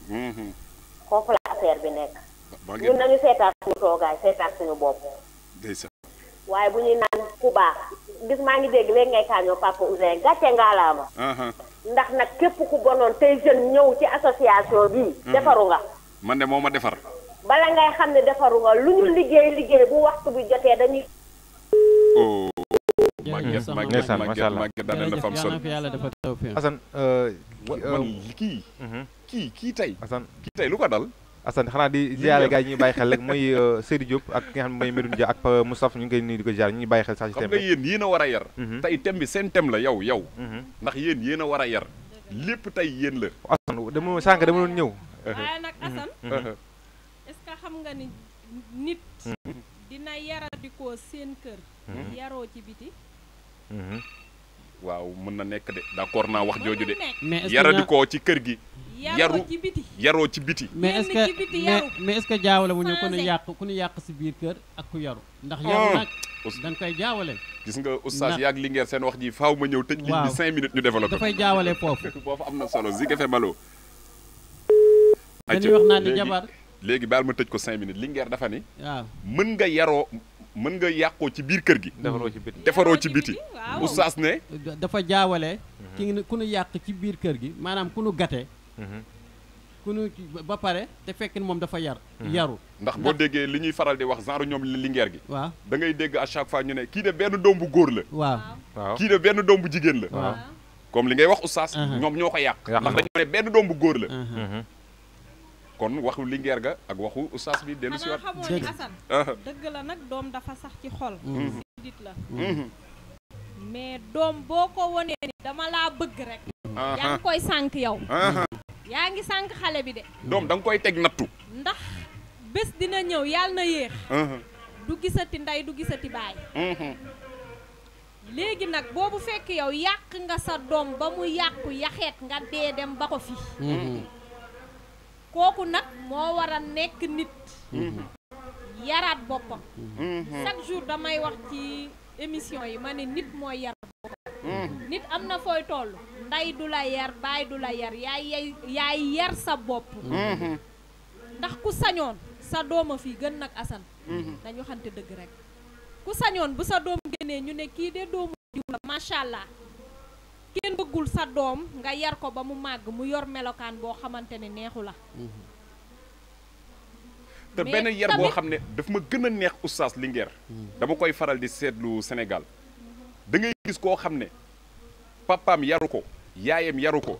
foofu la affaire bi nekk. ñun nañu seetaat suñu toogaay seetaat suñu bopp. waaye bu ñuy naan ku baax gis maa ngi dégg léegi ngay kaañoo papa Ousseyn gàcce ngaalaama. ndax nag képp ku bonoon tey jeune ñëw ci association bii. defaru nga. man de moo ma defar. bala ngay xam ne defaru nga lu ñu liggéey liggéey bu waxtu bi jotee dañuy. Oh. màgget màgget màgget màgget daan na fam sol Assane kii mm-hmm. kii kii tey Assane kii tey lu ko dal Assane xanaa di ziare gars yi ñuy bàyyi xel rek mooy (laughs) uh, Seydou Diop ak ki nga xam ne mooy Medoune Dia ak uh, Moustapha ñu ngi koy nuyu di ko ziare ñu ngi bàyyi xel sax ci thème bi xam nga yéen yéen a war a yar mm-hmm. tey thème bi seen thème la yow yow mm-hmm. ndax yéen yéen a war a yar lépp tey yéen la Assane dama sànq dama doon ñëw waaye ah, nag Assane (laughs) uh-huh. est-ce xam nga ni nit dina yaradikoo seen kër yaroo ci biti Mm-hmm. waaw mën na nekk de d'accord naa wax jooju de. yaradi ko ci kër gi. yaru yaroo ci biti. mais est-ce que mais est jaawale wu ñu ku ñu yàq ku ñu yàq si biir kër ak ku yaru. ndax yaru hmm. nag dañ koy jaawale. gis nga oustaz yaag Linguère seen wax ji faw ma ñëw tëj. waaw ligne bi 5 minutes ñu développé. dafay jaawale foofu. foofu (laughs) am na solo Zik FM allo. dañuy wax naa di jabar léegi baal ma tëj ko 5 minutes Linguère dafa ni. waaw mën nga yaroo mën nga yàqoo ci biir kër gi. defaroo ci biti defaroo ci biti. oustaz ne. dafa jaawale. Mhm. ki ku nu yàq ci biir kër gi maanaam ku nu gate. Mhm. ku ba pare te fekk moom dafa yar. Mhm. yaru ndax boo déggee li ñuy faral di wax genre ñoom li lingeer gi. waaw da ngay dégg à chaque fois ñu ne kii de benn doom bu góor la. waaw kii de benn doom bu jigéen la. waaw comme li ngay wax oustaz. Uh-huh. ñoom ñoo ko yàq. ndax dañ ne benn doom bu góor la. Uh-huh. Uh-huh. kon waxu Linguère ga ak waxu oustaz bi dellu si a xanaa xamoo ni ah. dëgg la nag doom dafa sax ci xol mm-hmm. la mm-hmm. mais doom boo ko wonee ni dama laa bëgg rek yaa ngi koy sànq yow yaa ngi sànq xale bi de doom danga koy teg nattu ndax bés dina ñëw yàlla na yéex mm-hmm. du gisati ndey du gisati baay léegi nag boobu fekk yow yàq nga sa doom ba mu yàqu yaxeet nga dee dem ba ko fi kooku nag moo war a nekk nit mhm. yaraat boppam mhm. chaque jour damay wax ci émission yi ma ne nit mooy yar boppam mhm. nit am na fooy toll ndey du la yar baay du la yar yaay yaay yar sa bopp ndax ku sañoon sa doom a gën nag asan dañu xante dëgg rek ku sañoon bu sa doom génnee ñu ne kii de doomu diw la allah kenn bëggul sa doom nga yar ko ba mu màgg mu yor melokaan boo xamante ne neexu la mm-hmm. te benn yar boo xam ne dafa ma gën a neex oustaz Linguère mm-hmm. dama koy faral di seetlu Sénégal dangay gis koo xam ne papaam yaru ko yaayam yaru ko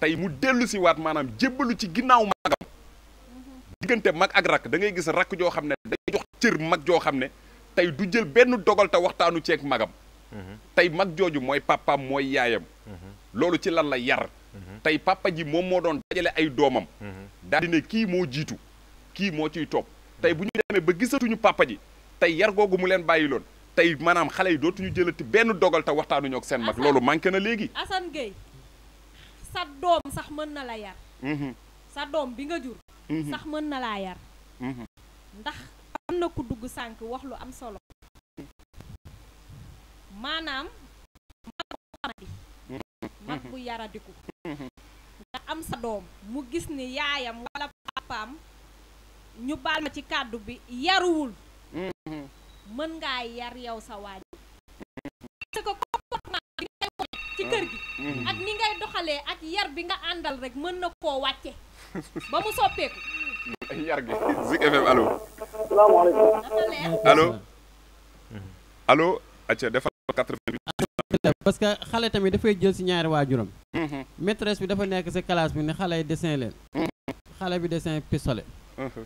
tey mu dellu si waat maanaam jébbalu ci ginnaaw magam mm-hmm. diggante mag ak rakk da ngay gis rakk joo xam ne day jox cër mag joo xam ne tey du jël benn dogal te waxtaanu ceeg magam tey mag jooju mooy papaam mooy yaayam loolu ci lan la yar tey papa ji moom moo doon dajale ay doomam daal di ne kii moo jiitu kii moo ciy topp tey bu ñu demee ba gisatuñu papa ji tey yar googu mu leen bàyyi loon tey maanaam xale yi dootuñu jëlati benn dogalte te waxtaanuñu ak seen mag loolu manqué na léegi Assane Gueye sa doom sax mën na la yar mhm. sa doom bi nga jur mhm. sax mën na laa yar mhm. ndax am na ku dugg sànq wax lu am solo manam mak bu yara diku yaradiku nga am sa dom mu gis ni yaayam wala papam ñu bal ma ci kàddu bi yaruwul meun mm-hmm. nga yar yow sa waaj parce ko comportement bi ngay ci kër gi mm-hmm. ak ni ngay doxale ak yar bi nga andal rek meun na ko wacce ba mu soppeeku yar gi Zik FM allo allo mm-hmm. allo acca defal 88 parce que xale tamit dafay jël si ñaari waajuram mm-hmm. maîtresse bi dafa nekk si classe bi ne xale yi dessin leen mm-hmm. xale bi dessin pistolet mm-hmm.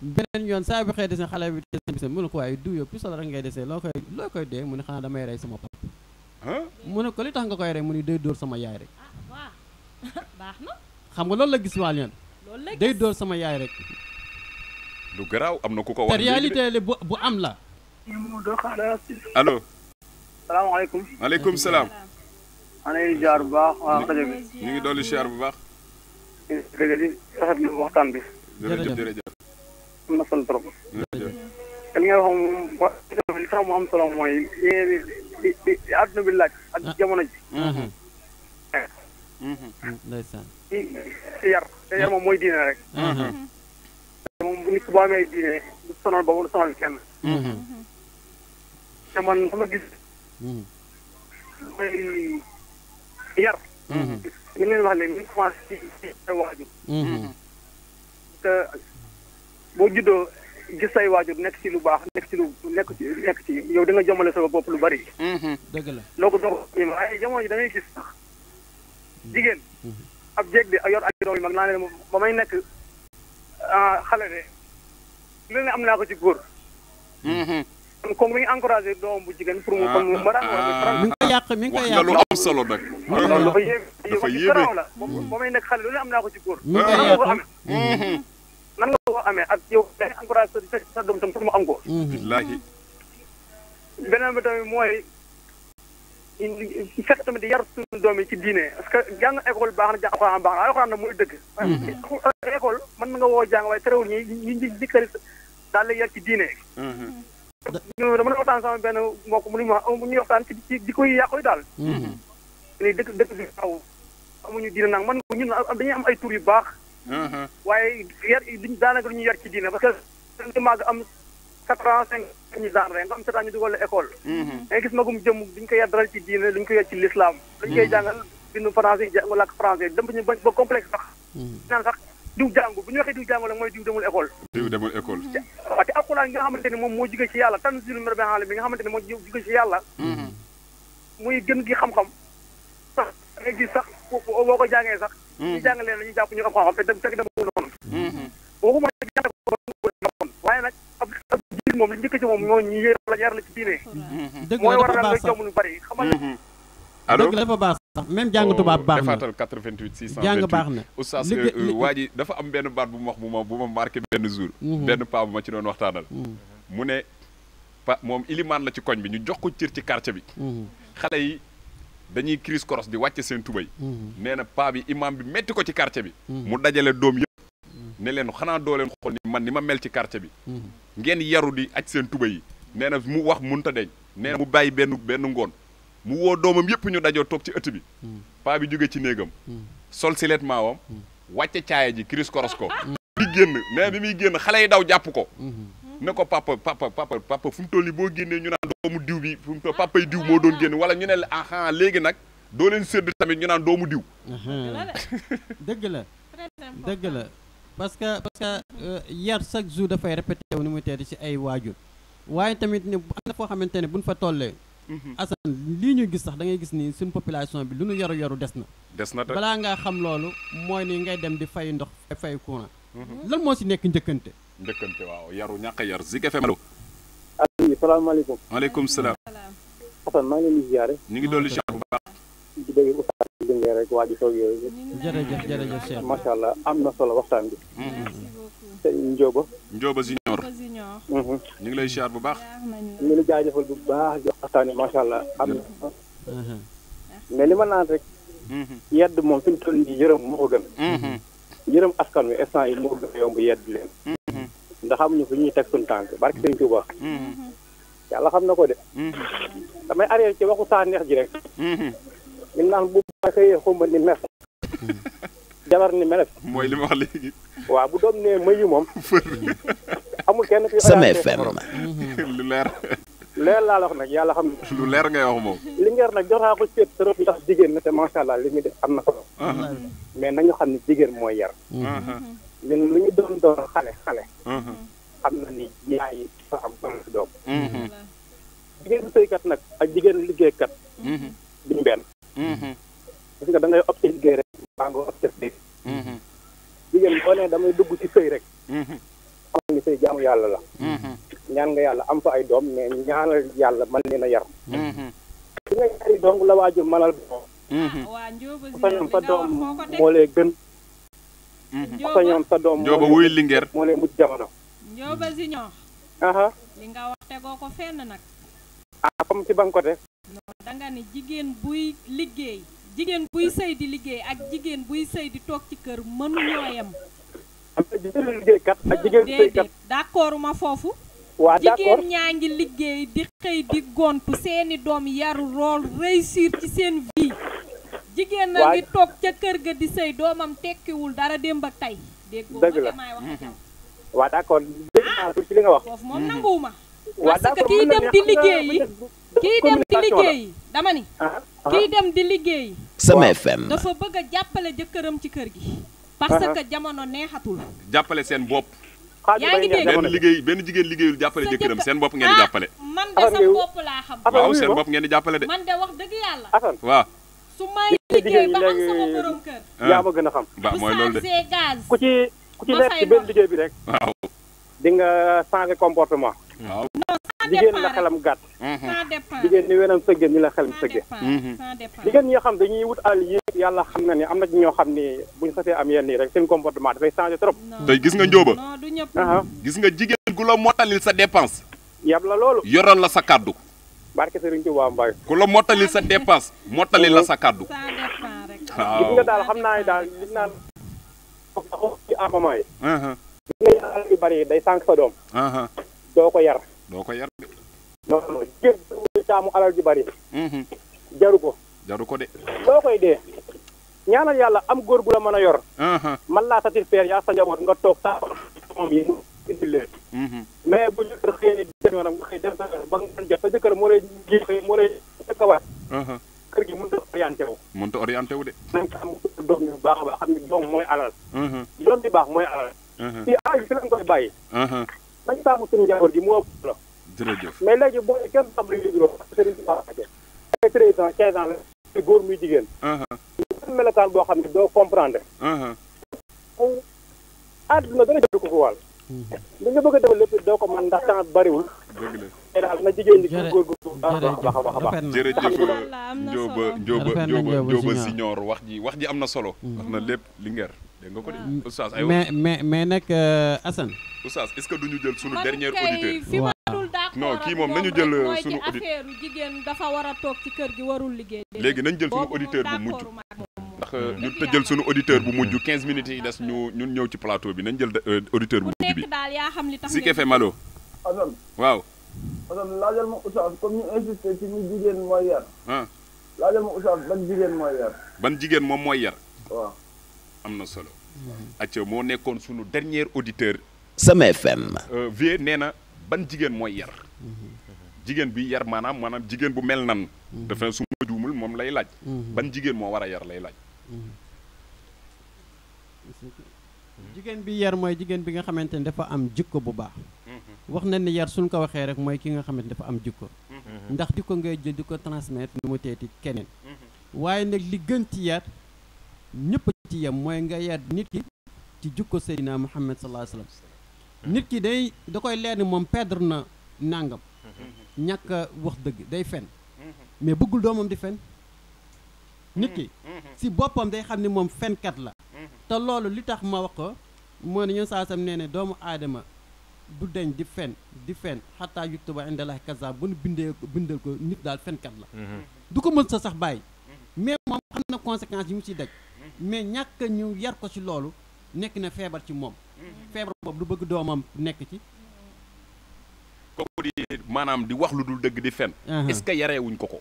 beneen yoon saa bi xëy dessin xale bi dessin mu ne ko waaye du yow rek ngay dessin loo koy loo koy dee mu ne xanaa damay rey sama papa mu ne ko li tax nga koy rey mu ne day dóor sama yaay rek ah, (laughs) baax na xam nga loolu la gis waa yoon day dóor sama yaay rek lu garaaw am na ku ko wax te réalité bu am la allo salaamaaleykum. maaleykum salaam. maa ngi lay jaar bu baax waa rajo bi. ñu ngi dolli siyaar bu baax. dëgg di rafetlu waxtaan bi. jërëjëf jërëjëf. am na solo trop. jërëjëf. li nga wax moom li tax mu am solo mooy li li àdduna bi laaj ak ah. jamono ji. Mm-hmm. Mm-hmm. ndeysaan. yar te yar moom mooy diine rek. Mm-hmm. moom bu nit ku ba amee diine du sonal ba mu sonal kenn. te man sama gis. may yar. li wax léegi ñu commencé ci ci say waajur. te boo juddoo gis say waajur nekk ci lu baax nekk ci lu nekk ci nekk ci yow da nga jomale sama bopp lu bari. Mm-hmm. dëgg la loo ko doon xayma waaye jamono ji da gis sax jigéen. ab de ak yor ak doom yi mag naa leen ba may nekk ah, xale de lu ne am naa ko ci góor. Mm-hmm. comme mi ngi encouragé doom bu jigéen pour mu ma ah. solo nag. dafa yéeme dafa yéeme ba may nekk am naa ko ci góor. mi ngi koy nga mm-hmm. ko amee ak yow day encouragé sa sa pour mu am ko. Mm-hmm. billaahi. bi tamit mooy fekk tamit yar suñu doom yi ci diine parce que jàng baax na jàng alxuraan baax na alxuraan nag mooy mm-hmm. nga woo jàng waaye terewul ñi ñi ñi kër daal lay yar ci diine. ñun dama doon waxtaan sama benn mbokk mu ñu wax mu ñuy waxtaan ci ci jikko yi yàqu yi daal. Mhm. léegi dëkk dëkk bi xaw amuñu diina nag man ñun dañuy am ay tur yu baax. Mhm. waaye yar duñ daanaka duñu yar ci diina parce que dañu màgg am quatre ans cinq ans ñu daan rek nga am sept ans ñu dugal la école. Mhm. dangay gis magum jëm duñ ko yar daral ci diina duñ ko yar ci lislaam. dañ koy jàngal bindu français jàng làkk français dem ba complexe sax. naan sax. diw jàngu bu ñu waxee diw jàngu nag mooy diw demul école diw demul école waaw te alxuraan nga xamante ne moom moo jóge ci yàlla tan sil rabbil alamin bi xamante ne moo jóge ci yàlla mm-hmm. muy gën gi xam-xam ko jàngee sax mm-hmm. ñu jàng leen ñu ñu am xam-xam te dem teg demu noonu mm-hmm. waxuma jàng kon waaye nag ab ab jiit moom li njëkk ci moom ñoo ñu la yar la ci diine mooy waral nga jom lu bari xamal allo dëgg dafa baax sax même jàng tubaab baax na oh, defaatal 88 628 jàng baax na oustaz euh, euh, waa ji dafa am benn baat bu ma wax bu ma bu ma marqué benn jour mhm. benn paa bu ma ci doon waxtaanal mhm. mu ne pa moom ilimaan la ci koñ bi ñu jox ko cër ci quartier bi mhm. xale yi dañuy crise koros di wàcce seen tubay nee na paa bi imaam bi metti ko ci quartier bi mu dajale doom yëpp ne leen xanaa doo leen xool ni man ni ma mel ci quartier bi ngeen yaru di aj seen tubay yi nee na mu wax munta deñ nee na mu bàyyi benn benn ngoon mu woo doomam yëpp ñu dajoo toog ci ëtt bi hmm. paa bi jóge ci néegam hmm. sol silet maawam hmm. wàcce caaya ji kiris koros ko bi génn mais bi muy génn xale yi daw jàpp ko ne ko papa papa papa papa fu mu toll nii boo génnee ñu naan doomu diw bi fu mu toll papay diw moo doon génn wala ñu ne aha léegi nag doo leen sédd tamit ñu naan doomu diw dëgg la (laughs) dëgg la parce que parce que euh, yar chaque jours dafay répété wu ni muy teel ci ay waajur waaye tamit ne am na foo xamante ne buñ fa tollee Mhm. Assane lii ñu gis sax da ngay gis ni suñ population bi lu ñu yoru yoru des na des na balaa ngaa xam loolu mooy ni ngay dem di fay ndox fay courant mhm. lan moo ci nekk njëkkante njëkkante waaw yaru ñàkk yar Zik FM allo allo maaleykum salaam Assane maa ngi leen di ziare ñu ngi dolli ziar bu baax di dégg Oustaz Ndingué allah am na solo waxtaan bi mhm. sëñ Njóoba Njóoba si Mhm. ñu ngi lay siyaar bu baax. ñu ngi lay jaajëfal bu baax jox waxtaanee macha allah am na. mais li ma naan rek. Mhm. yedd moom fi mu toll nii yërëm moo ko gën. Mhm. askan wi instant yi moo gën a yomb yedd leen. ndax amuñu fu ñuy teg suñ tànk barke Sëñ Tuuba. yàlla xam na ko de. damay arrière ci waxu saa neex ji rek. ñu naan bu ma xëyee xumba ni mes. ni melef. mooy li ma wax léegi. waaw bu doom nee mayu moom. (laughs) amul kenn fii Sama FM (laughs) lu leer leer laa la wax nag yàlla xam lu leer ngay wax moom li ngeer nag joxaa ko cër trop ndax jigéen na te macha allah li def am na solo uh-huh. mais nañu xam ne jigéen mooy yar uh-huh. ñun lu ñu doon doon xale xale uh-huh. xam ni yaay fa am solo si doom nag ak jigéen liggéeykat duñ benn parce que da ngay opté liggéey rek baa nga opté jigéen boo nee damay dugg ci sëy rek xam la mm-hmm. ñaan yàlla am fa ay doom mais a yar mm-hmm. su la waajur manal ku mm-hmm. ah, sa doom moo lay gën ku sañoon sa doom Njóoba moo lay mujj jamono Njóoba Junior aha li nga wax tegoo ko fenn nag ah comme ci ban côté danga ne jigéen buy liggéey jigéen buy sëy di liggéey ak jigéen buy sëy di toog ci kër mënuñoo yem am na ma foofu waa jigéen ñaa ngi liggéey di xëy di gontu seeni doom yaru rool réussir ci seen vie jigéen na ngi ca kër ga di sëy doomam tekkiwul dara dem ba tey déggoo ma wax waa d'accord moom nanguwuma parce que dem di liggéeyi kii dem di liggéeyi dama ni ah, ah. kii dem di liggéeyi Sama FM dafa bëgg a jàppale jëkkëram ci kër gi parce que jamono neexatul. jàppale seen bopp. yaa ngi dégg benn liggéey benn jigéen liggéeyul jàppale jëkkëram seen ah, jàppale. man de sa bopp laa xam. waaw seen bopp ngeen di jàppale de. man de wax dëgg yàlla. waaw. su may liggéey ba am sama borom kër. Ah. yaa ma gën a xam. ba mooy loolu de ku ci ku ci nekk ci benn liggéey bi rek. waaw. di nga changer comportement. waaw jigéen mhm. la xelam gàtt. jigéen ni wenam sëggee ni la xelam sëggee. jigéen ñi nga xam dañuy wut àll yi yàlla xam na ni am na ñoo xam ni buñ xasee am yenn yi rek seen comportement dafay changé trop. tey gis nga njóoba. gis nga jigéen gu la mottalil sa dépense. yab la loolu. yoral la sa kàddu. barke Serigne Touba Mbaye. ku la mottalil sa dépense mottali la sa kàddu. waaw gis nga daal xam naa ne daal li naan ci armement yu bari day sànq sa doom. doo ko yar doo yar de non non jigéen bu taamu alal ji bari mm-hmm. de ñaanal am góor gu la mën a yor mm-hmm. man laa satisfaire yaa sa njaboot nga toog sa moom yi indil leen mm-hmm. mais bu jëkkër xëy ni dem yoonam nga xëy ba nga jot sa jëkkër moo lay gi xëy moo lay jëkk a waat kër gi orienté wu orienté wu de am doom yu baax doom alal yoon baax alal fi nañu sàmm suñu njaboot ji mu ëpp la. jërëjëf mais léegi boo góor muy jigéen. ñu uh-huh. boo xam ne doo comprendre. Uh-huh. àdduna dana jënd ko ko wàll. Uh-huh. li nga bëgg lépp doo ko mën ndax bariwul. dëgg la daal na jigéen a baax a wax ji wax ji am na solo. Mm-hmm. wax na lépp li ngeer dégg nga ko de oustaz ay mais mais mais nag euh, Assane. oustaz est-ce que du ñu jël sunu dernier auditeur. non kii moom nañu euh, jël sunu auditeur jigéen dafa léegi nañ jël sunu auditeur bu mujj. ndax ñu sunu auditeur bu mujj 15 minutes yi des ñu ñun ñëw ci plateau bi nañ jël euh, auditeur bu mujj bi. Zik FM allo. Assane. waaw. Assane ah. jigéen moom mooy yar. am na solo. acca moo nekkoon sunu dernier auditeur. Sama FM. Euh, vie nee ban jigen moy yar. jigen bi yar manam manam jigen bu mel nan. dafa su ma mom lay laaj. ban jigen mo wara yar lay laaj. jigen bi yar moy jigen bi nga xamantene dafa am jikko bu baax. Mhm. wax na ni yar suñ ko waxe rek moy ki nga xamantene dafa am jikko. Mhm. ndax diko ngay jël di transmettre nu mu teeti keneen. Mhm. waye nag li gën ci yar ñëpp yam mooy nga yar nit ki ci jukko Seydina Muhammad sallallahu alayhi wasallam hmm. nit ki day da koy leer ni moom perdre na nàngam hmm. ñàkk wax dëgg day fen hmm. mais bëggul doomam di fen nit ki si boppam day xam ni moom fenkat la te loolu li tax ma wax ko moo ne ñoo saasam nee ne doomu aadama du deñ di fen di fen xataa yuktaba indalahi kazaab bu nu bindee bindal ko nit daal fenkat la du ko mën sa sax bàyyi mais moom xam na conséquence yi mu ciy daj mais ñàkk ñu yar ko ci loolu nekk na feebar ci moom feebar boobu du bëgg doomam nekk ci kooku di maanaam di wax lu dul dëgg di fen est-ce que yareewuñ ko ko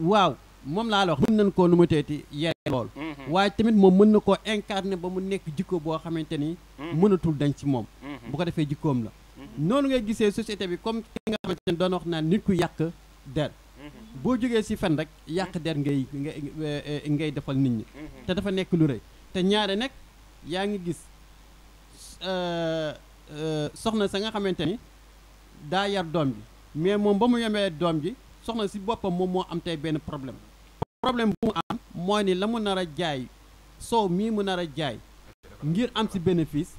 waaw moom laa la wax mën nañ koo nu mu teeti yare loolu mhm. waaye tamit moom mën na ko incarner ba mu nekk jikko boo xamante ni mhm. mënatul dañ ci moom mhm. bu ko defee jikkoom la noonu ngay gisee société bi comme ki nga xamante ne doon wax naan nit ku yàq der boo jógee si fen rek yàq der ngay ngay eh, defal nit ñi mhm. te dafa nekk lu rëy te ñaare nekk yaa ngi gis eh, eh, soxna sa nga xamante ni daa yar doom bi mais moom ba mu yemee doom ji soxna si boppam moom moo am tey benn problème problème bu mu am mooy ni la mu nar a jaay soow mii mu nar a jaay ngir am si bénéfice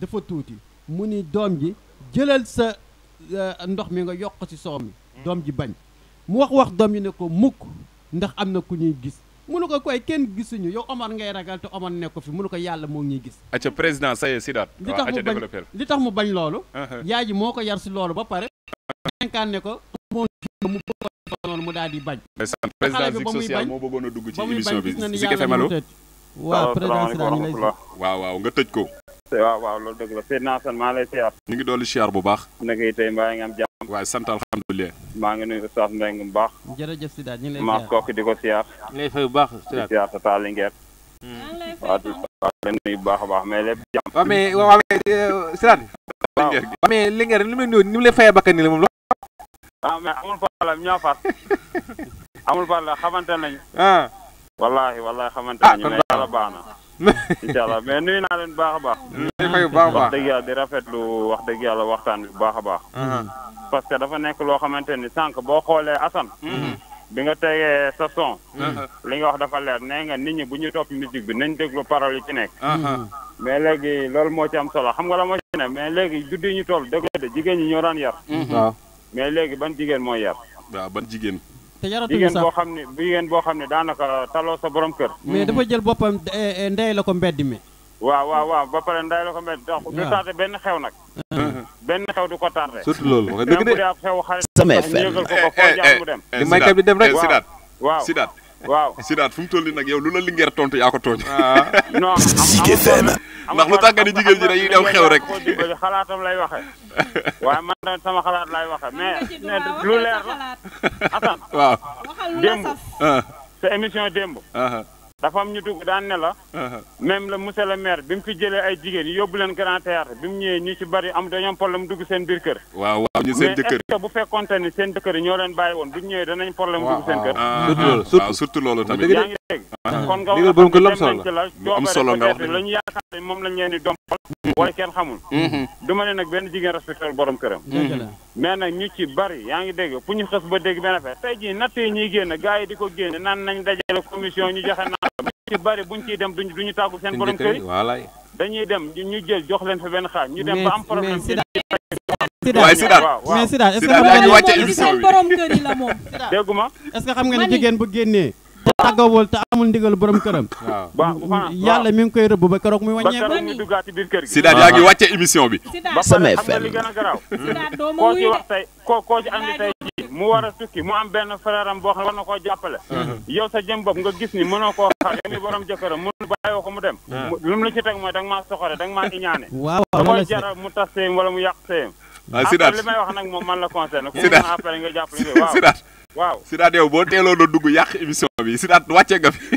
dafa tuuti mu ni doom ji jëlal sa ndox mi nga yokk ci soow mi mhm. doom ji bañ mu wax wax doom ñu ne ko mukk ndax am na ku ñuy gis munu ko koy kenn gisuñu yow Omar ngay ragal te Omar nekk ko fi munu ko yàlla moo ngi ñuy gis. acca président Saye Sidaat. li tax mu bañ li tax mu bañ loolu. Uh-huh. yaay ji moo ko yar si loolu ba pare. incarné ko mu bëggoon noonu mu daal di bañ. président Zik social moo bëggoon a dugg ci émission bi Zik FM allo. waaw président Sidaat ñu lay waaw waaw nga tëj ko. waaw waaw loolu dëgg la Seydina Assane maa lay siyaar. ñu ngi dolli siyaar bu baax. naka tey mbaa ngi am jàmm. waaye sant alhamdulilah. maa ngi nuyu Oustaz Mbengue bu baax. jërëjëf si daal maa kooku di ko siyaar. ñu lay fay bu baax si daal di siyaar sa taal Linguère. waaw bu baax baax mais lépp jàmm. waaw mais waaw mais si daal. waaw waaw mais euh, Linguère ni mu leen ni mu leen fayee bakkan ni la moom loolu. ah mais amul problème ñoo faat (laughs) amul problème xamante nañu. Ah. wallaahi wallaahi xamante ah, nañu incha allah mais nuyu naa leen baax a baax. baax a baax wax dëgg yàlla di rafetlu wax dëgg yàlla waxtaan bu baax a baax. parce que dafa nekk loo xamante ni sànq boo xoolee Assane. Hmm. bi nga tegee sa son. li nga wax dafa leer nee nga nit ñi bu ñu topp musique bi nañ déglu paroles yi ci nekk. mais léegi loolu moo ci am solo xam nga la moo ci ne mais léegi guddi ñu toll dëgg de jigéen ñi ñoo daan yar. Hmm. waaw mais léegi ban jigéen mooy yar. waaw ban jigéen. te yaratuñu sax jigéen boo xam ne jigéen boo xam ne daanaka taloo sa borom kër. mais hmm. dafa jël boppam eh, eh, ndey la ko mbedd mi. waaw waaw waaw ba pare ndey la ko mbedd. waaw du tardé benn xew nag. Hmm. Hmm. benn xew du ko tardé. surtout loolu wax dëgg de. même bu dee ab xew xarit. sama FM ñëgal ko ko foo dem. li eh, may bi dem rek. waaw waaw. waaw (laughs) Sidaat fu mu toll nii nag yow lu la Linguère tontu yaa ko tooñ. Ah, non (laughs) Zik FM. ndax lu tax nga ni jigéen ñi dañuy xew rek. xalaatam lay waxee. (laughs) waaye man tamit sama xalaat lay waxe mais lu leer la. Assane. waaw démb. Ah. sa émission démb. Ah, dafa am ñu dugg daan ne la. Uh-huh. même le monsieur le bi mu fi jëlee ay jigéen yóbbu leen grand théâtre bi mu ñëwee ñu ci bari am dañoo am problème dugg seen biir kër. waaw waaw ñu seen jëkkër bu fekkonte ni seen jëkkër ñoo leen bàyyi woon bu ñu ñëwee danañ problème dugg seen kër. surtout loolu surtout surtout loolu tamit. yaa ngi dégg ah. kon nga wax ko dem nañ ci la coobare peut-être la ñu yaakaar moom lañ leen di dompal. Mm-hmm. waaye kenn xamul. Mm-hmm. du ma ne nag benn jigéen respecté borom këram. mais nag bari yaa ngi dégg ñu ba dégg benn affaire tey jii natt di ko génne naan nañ dajale commission ñu joxe naan ci bari buñ ciy dem duñ duñu tàggu seen borom kër yi dañuy dem ñu jël jox leen fa benn xaaj ñu dem ba am problème waaye Sidaat mais Sidaat est-ce que xam nga ni jigéen bu génnee te tàggawul te amul ndigal borom këram. yàlla mi ngi koy rëbb ba keroog muy wàññeeku. ba keroog muy ci biir kër gi. Sidaat yaa ngi wàcce émission bi. Sama FM. (laughs) koo ci wax koo koo ci andi tey ji mu war a tukki mu am benn frère am boo xam ne na koo jàppale. (laughs) yow sa jëm bopp nga gis ni mënoo koo xaar yow mi borom jëkkëram mu bàyyoo ko mu dem. (laughs) Ah. lu mu la ci teg mooy danga maa soxore danga maa iñaane. waaw da koy jaral mu tas seeyam wala mu yàq seeyam. Ah, Sidaat li may wax nag moom man la concerné. Sidaat ku mu mën a appelé nga waaw Sidaat yow boo teeloo doon dugg yàq émission bi si Sidaat wàcce nga fi.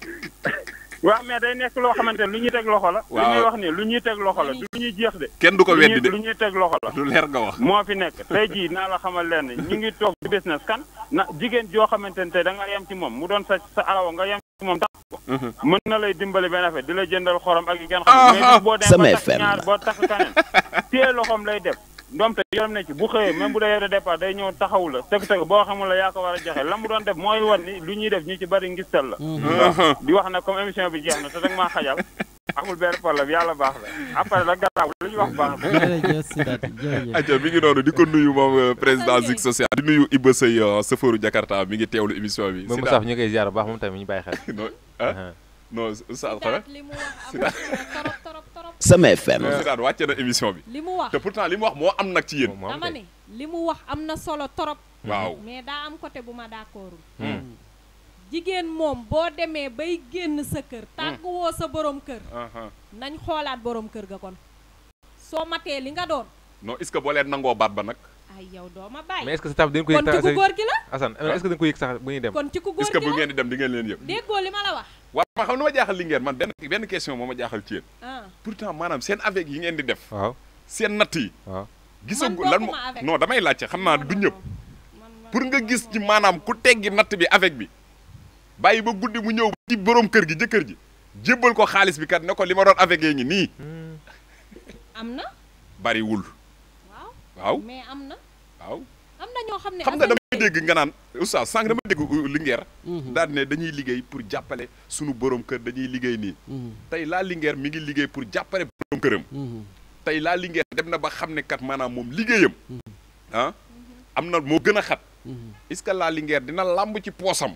(laughs) waaw mais day nekk loo xamante ne lu ñuy teg loxo la. wax ni lu ñuy teg loxo la du ñuy jeex de. kenn du ko lu ñuy teg la. du leer nga wax moo fi nekk tey jii naa la xamal leen ñu ngi toog di business kan na jigéen joo xamante ne tey da nga yem ci moom mu doon sa sa alaw nga yem ci moom tax mhm. mën na lay dimbali benn affaire di la jëndal xorom ak yi ngeen xam. mais ah, boo dem ah, ah. ba ñaar boo tax kaneen téye loxoom lay def. ndoom te yoram ne ci bu xëyee même bu dee départ day ñëw taxawu la tëg-tëg boo xamul la yaa ko war a joxe la mu doon def mooy wan ni lu ñuy def ñu ci bari ngistal la mm-hmm. di wax nag comme émission bi jeex na te dag maa xajal amul benn problème yàlla baax la après la garaaw lu ñu wax baax la aco mi ngi noonu di ko nuyu moom euh, président Zik social di nuyu Iba Sey sëfëru euh, Jakarta mi ngi teewlu émission bi moom sax ñu koy ziar bu baax moom tamit ñu bàyyi xel (laughs) non uh-huh. non sa xala Sama FM. Seetaan wàcce na émission bi. li mu wax te pourtant li mu wax moo am nag ci yéen. dama ne li mu wax am na solo trop. waaw mais daa am côté bu ma d'accordul. Hmm. jigéen moom boo demee bay génn sa kër. Hmm. tàgguwoo sa borom kër. nañ xoolaat borom kër ga kon. soo matee li nga doon. non est-ce que boo leen nangoo baat ba nag. ay yow doo ma bàyyi. mais est-ce que dañ ko yëg. kon ci ku góor gi la Assane dañ ko yëg sax bu ñuy dem. kon ci ku góor gi dem di ngeen leen waaw ma xam nu ma jaaxal Linguère man benn benn question moo ma jaaxal ci yéen. Ah. pourtant maanaam seen avec yi ngeen di def. seen natt yi. waaw gisagu lan moo non damay laajte xam naa du ñëpp. pour nga gis ñi maanaam ku teggi natt bi avec bi bàyyi ba guddi mu ñëw ci boroom kër gi jëkkër ji jébbal ko xaalis bi kat ne ko li ma doon avec ngi nii. am na. bariwul. waaw na waaw. am xam nga damay dégg nga naan oustaz sànq dama dégg Linguère mhm. daal ne dañuy liggéey pour jàppale suñu borom kër dañuy liggéey nii mhm. tey laa Linguère mi ngi liggéey pour jàppale borom këram mhm. tey laa Linguère dem na ba xam ne kat maanaam moom liggéeyam ah? am na moo gën a xat est-ce que laa Linguère dina làmb ci poosam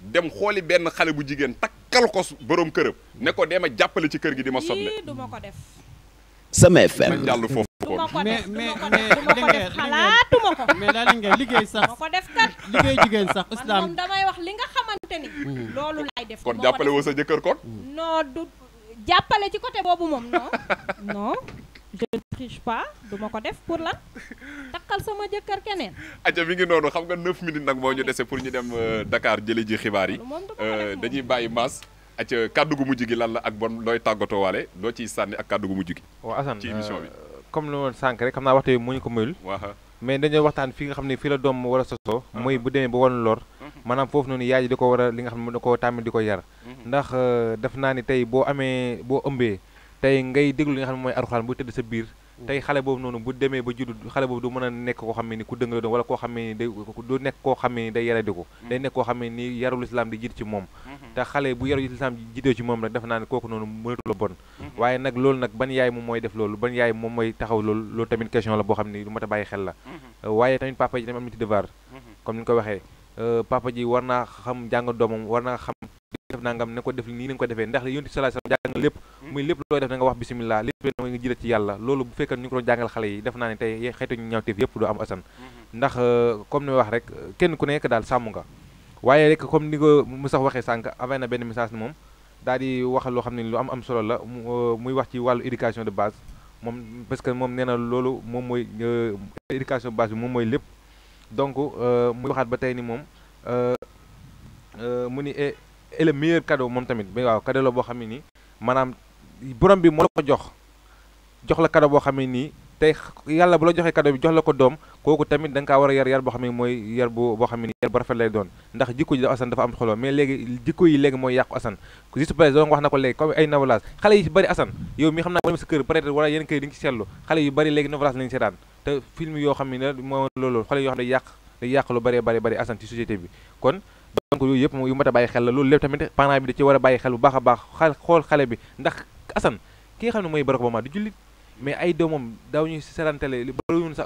dem xooli benn xale bu jigéen takkal ko borom këram ne ko dema jàppale ci kër gi di ma soble du sama FM. ma jàll foofu ko mais mais mais xalaatuma ko. mais daal Linguère liggéey sax. ma ko def kat liggéey jigéen sax islam. man moom damay wax li nga xamante ni. Mm. loolu laay def kon jàppale woo sa jëkkër boobu moom non (laughs) non. triche pas du ko def pour lan takkal sama jëkkër keneen. aja mi ngi noonu xam nga 9 minutes nag moo ñu dese pour ñu dem ndakaar euh, jële ji xibaar yi. Euh, dañuy bàyyi maas. ac kàddu gu mujj gi lan la ak bon looy tàggatoo waale loo ciy sànni ak kàddu gu mujj gi. waaw Assane ci émission bi euh, comme lu woon sànq rek xam naa waxtu mu ñu ko mayul. mais dañoo waxtaan fi nga xam ne fii la doom war a sosoo mooy bu demee ba woon lor mhm. maanaam foofu noonu yaay ji di ko war a li nga xam ne da di ko yar mhm. ndax euh, def naa ni tey boo amee boo ëmbee tey ngay déglu li nga xam ne mooy arxaan buy tëdd sa biir tey xale boobu noonu bu demee ba judd xale boobu du mën a nekk koo xam ne ni ku dëng la doon wala koo xam ne ni day du nekk koo xam ni day yaradi hmm. day nekk koo xam ni yarul islam hmm. naa ne kooku noonu mënatu la bon hmm. waaye nag loolu nag ban yaay moom mooy def loolu ban yaay moom mooy taxaw loolu loolu tamit question la boo xam ne lu mat a bàyyi xel la waaye tamit papa ji tamit am na ci devoir comme ni ñu ko waxee euh, papa ji war naa xam jàng doomam war naa xam def nangam ne ko def nii nañ ko defee ndax yonent bi sallallahu alayhi wasallam jàngal lépp hmm. muy lépp looy def na nga wax bismillah lépp looy nga jiital ci yàlla loolu bu fekkee ñu ko doon jàngal xale yi def naa ne tey xeetu ñu ñaawteef yëpp du am asan hmm. ndax euh, comme ni wax rek kenn ku nekk daal sàmm nga waaye rek comme ni mu sax waxee sànq avant na benn message ne moom daal di wax loo xam ne lu am am solo la euh, muy wax ci wàllu éducation de base moom parce que moom nee na et le meilleur cadeau moom tamit waaw cadeau la boo xam ne nii maanaam borom bi moo la ko jox jox la cadeau boo xam ne nii tey yàlla bu la joxee cadeau bi jox la ko doom kooku tamit da nga war a yar yar boo xam ne mooy yar boo xam ne nii yar bu rafet lay doon ndax jikko ji dafa am xoloo mais léegi jikko yi léegi mooy yàqu asan juste peut être doon wax na ko léegi comme ay novelage xale yi ci bëri asan yow mi xam naa dem sa kër peut être wala yenn kër di ci seetlu xale yu yàq lu bëree bëri bëri asan ci société bi donc yooyu yëpp yu mat a bàyyi xel la loolu lépp tamit parent bi da ci war a bàyyi xel bu a baax xal xool xale bi sax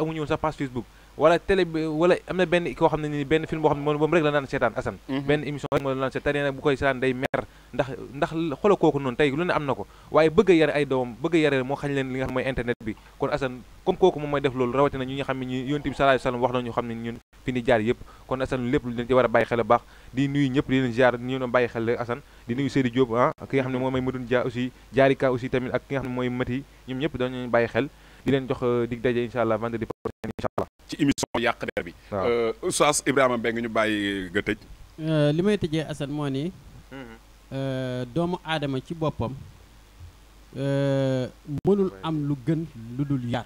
amuñu Facebook wala télé bi wala am na benn koo xam ne nii benn film boo xam ne moom moom rek la naan seetaan asan mhm. benn émission rek moo la naan seetaan bu koy seetaan day mer ndax ndax xoolal kooku noonu tey lu ne am na ko waaye bëgg a yare ay doomam bëgg a yare moo xañ leen li nga xam mooy internet bi kon Assane comme kooku moom mooy def loolu rawatina ñi nga xam ne ñu yonent bi sallallahu alayhi a bàyyi xel baax di nuyu ñëpp di ah, ñu bàyyi xel di leen jox euh, dig daje incha allah vendredi prochain incha allah ci émission yàq der bi euh, Oustaz Ibrahima Mbengue ñu bàyyi nga tëj euh, li may tëjee Assane moo nii mm-hmm. Euh, doomu aadama ci boppam euh, mënul am lu gën lu dul yar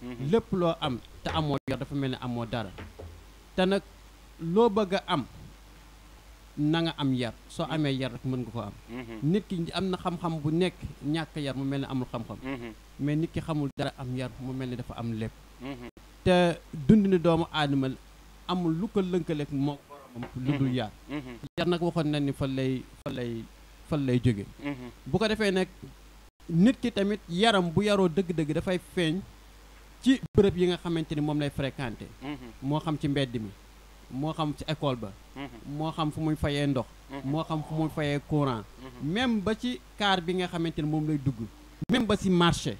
mhm. lépp loo am te amoo yar dafa mel ni amoo dara te nag loo bëgg am na nga am yar soo mhm. amee yar rek mën nga ko am mhm. nit ki am na xam-xam bu nekk ñàkk yar mu mel ni amul xam-xam mais nit ki xamul dara am yar mu mel ni dafa am lépp te dund ni doomu aadama amul lu ko lënkaleek moo lu dul mhm. yaar mhm. yaar nag waxoon nañ ni fan lay fan lay fan lay jóge mhm. bu ko defee nag nit ki tamit yaram bu yaroo dëgg-dëgg dafay feeñ ci bërëb yi nga xamante ni moom lay fréquenté moo xam ci mbedd mi moo xam ci école ba moo xam fu muy fayee ndox moo xam fu muy fayee courant même ba ci kaar bi nga xamante ni moom lay dugg même ba ci marché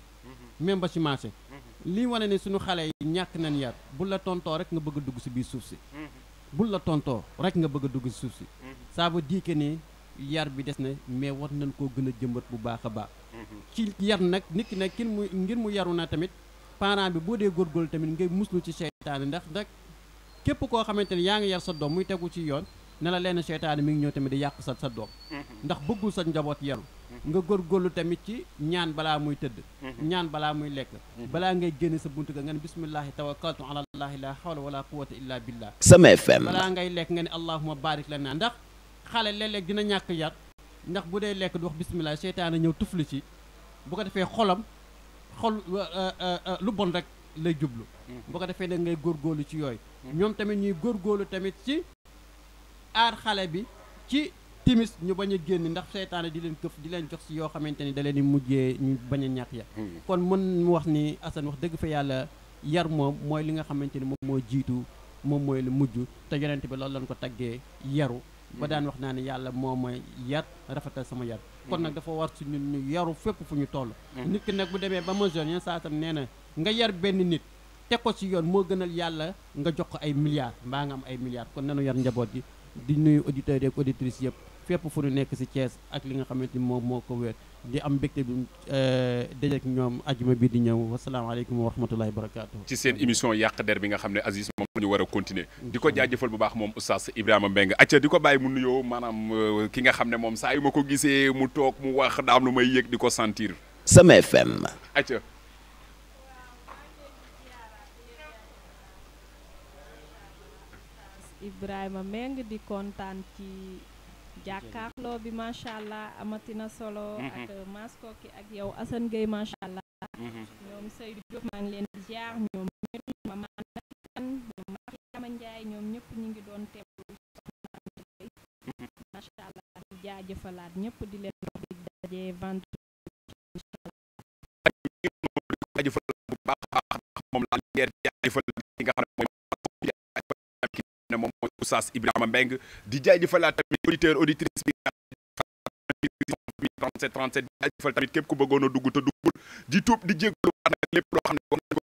même ba ci marché li wane ne suñu xale yi ñàkk nañ yar bu la tontoo rek nga bëgg dugg si biir suuf si bul la tontoo rek nga bëgg a dugg suuf si mm-hmm. ça veut que ni yar bi des na mais war nañ koo gën a jëmbat bu baax a baax mm-hmm. ci yar nag nit ki nag kin mu ngir mu yaru na tamit parent bi boo dee góorgóorlu tamit ngay muslu ci seytaane ndax ndax képp koo xamante ne yaa ngi yar sa doom muy tegu ci yoon na la leen seytaane mi ngi ñëw tamit di yàq sa sa doom mm-hmm. ndax bëggul sa njaboot yaru nga góorgóorlu tamit ci ñaan balaa muy tëdd mm-hmm. ñaan balaa muy lekk mm-hmm. balaa ngay génn sa bunt ga nga ne bismillahi tawakkaltu ala allahi la hawla wala quwwata illa billah Sama FM balaa ngay lekk nga ne allahuma barik la naa ndax xale léeg-léeg dina ñàkk yar ndax bu dee lekk du wax bismillah seytaane ñëw tufli ci bu ko defee xolam xol euh, euh, euh, lu bon rek lay jublu mm-hmm. bu ko defee nag ngay góorgóorlu ci yooyu ñoom tamit ñuy góorgóorlu tamit ci aar xale bi timis ñu baña a génn ndax seytaane di leen keuf di leen jox ci yo xamanteni da leen di mujjé ñu baña ñak ya hmm. kon mën mu wax ni asan wax deug fa yalla yar mo moy li nga xamanteni ni mo jitu mo moy le lu ta te yonent bi loolu lañ ko taggé yaru ba daan wax naa yalla yàlla moy yar rafetal sama yar kon nak dafa war ci ñun ñu yaru fépp fu ñu toll hmm. nit ki nak bu démé ba majeur ñen saatam nee nga yar benn nit teg ko ci yoon moo gënal yàlla nga jox ko ay milliards mbaa nga am ay milliards kon nanu yar njaboot gi di nuyu auditeurs yeeg auditrices yëpp fépp fu ñu nekk si Thiès ak li nga xamante moom moo ko wér di am mbégte bi euh, dajeek ñoom ajuma bi di ñëw wasalaamaaleykum wa rahmatulahi barakaatu. ci seen émission yàq der bi nga xam ne Aziz moom la ñu war a di ko jaajëfal bu baax moom oustaz Ibrahima Mbengue acca di ko bàyyi mu nuyoo maanaam euh, ki nga xam ne moom saa yu ma ko gisee mu toog mu wax daam lu may yëg di ko sentir. Sama FM. acca. Ibrahima Mbengue di kontaan ci. jàkkaarloo bi macha allah amatina solo. Mhm. ak Mass ki ak yow Assane gay macha ñom ñoom Seydou Diop ma ngi len di ziar ñoom ñëpp Mama Nafan ñoom ma Ndiaye ñoom ñëpp ñu ngi doon teewlu mhm. macha allah di jaajeufalat ñëpp di len wax di dajé vente. jaajëfal bu baax moom laa leer jaajëfal li nga xam ne Oustaz Ibrahima Mbeng di jaajëfalaat tamit auditeur auditrice bi 37 37 jaajëfal tamit képp ku bëggoon a dugg te duggul di tuub di jégalu waat lépp loo xam ne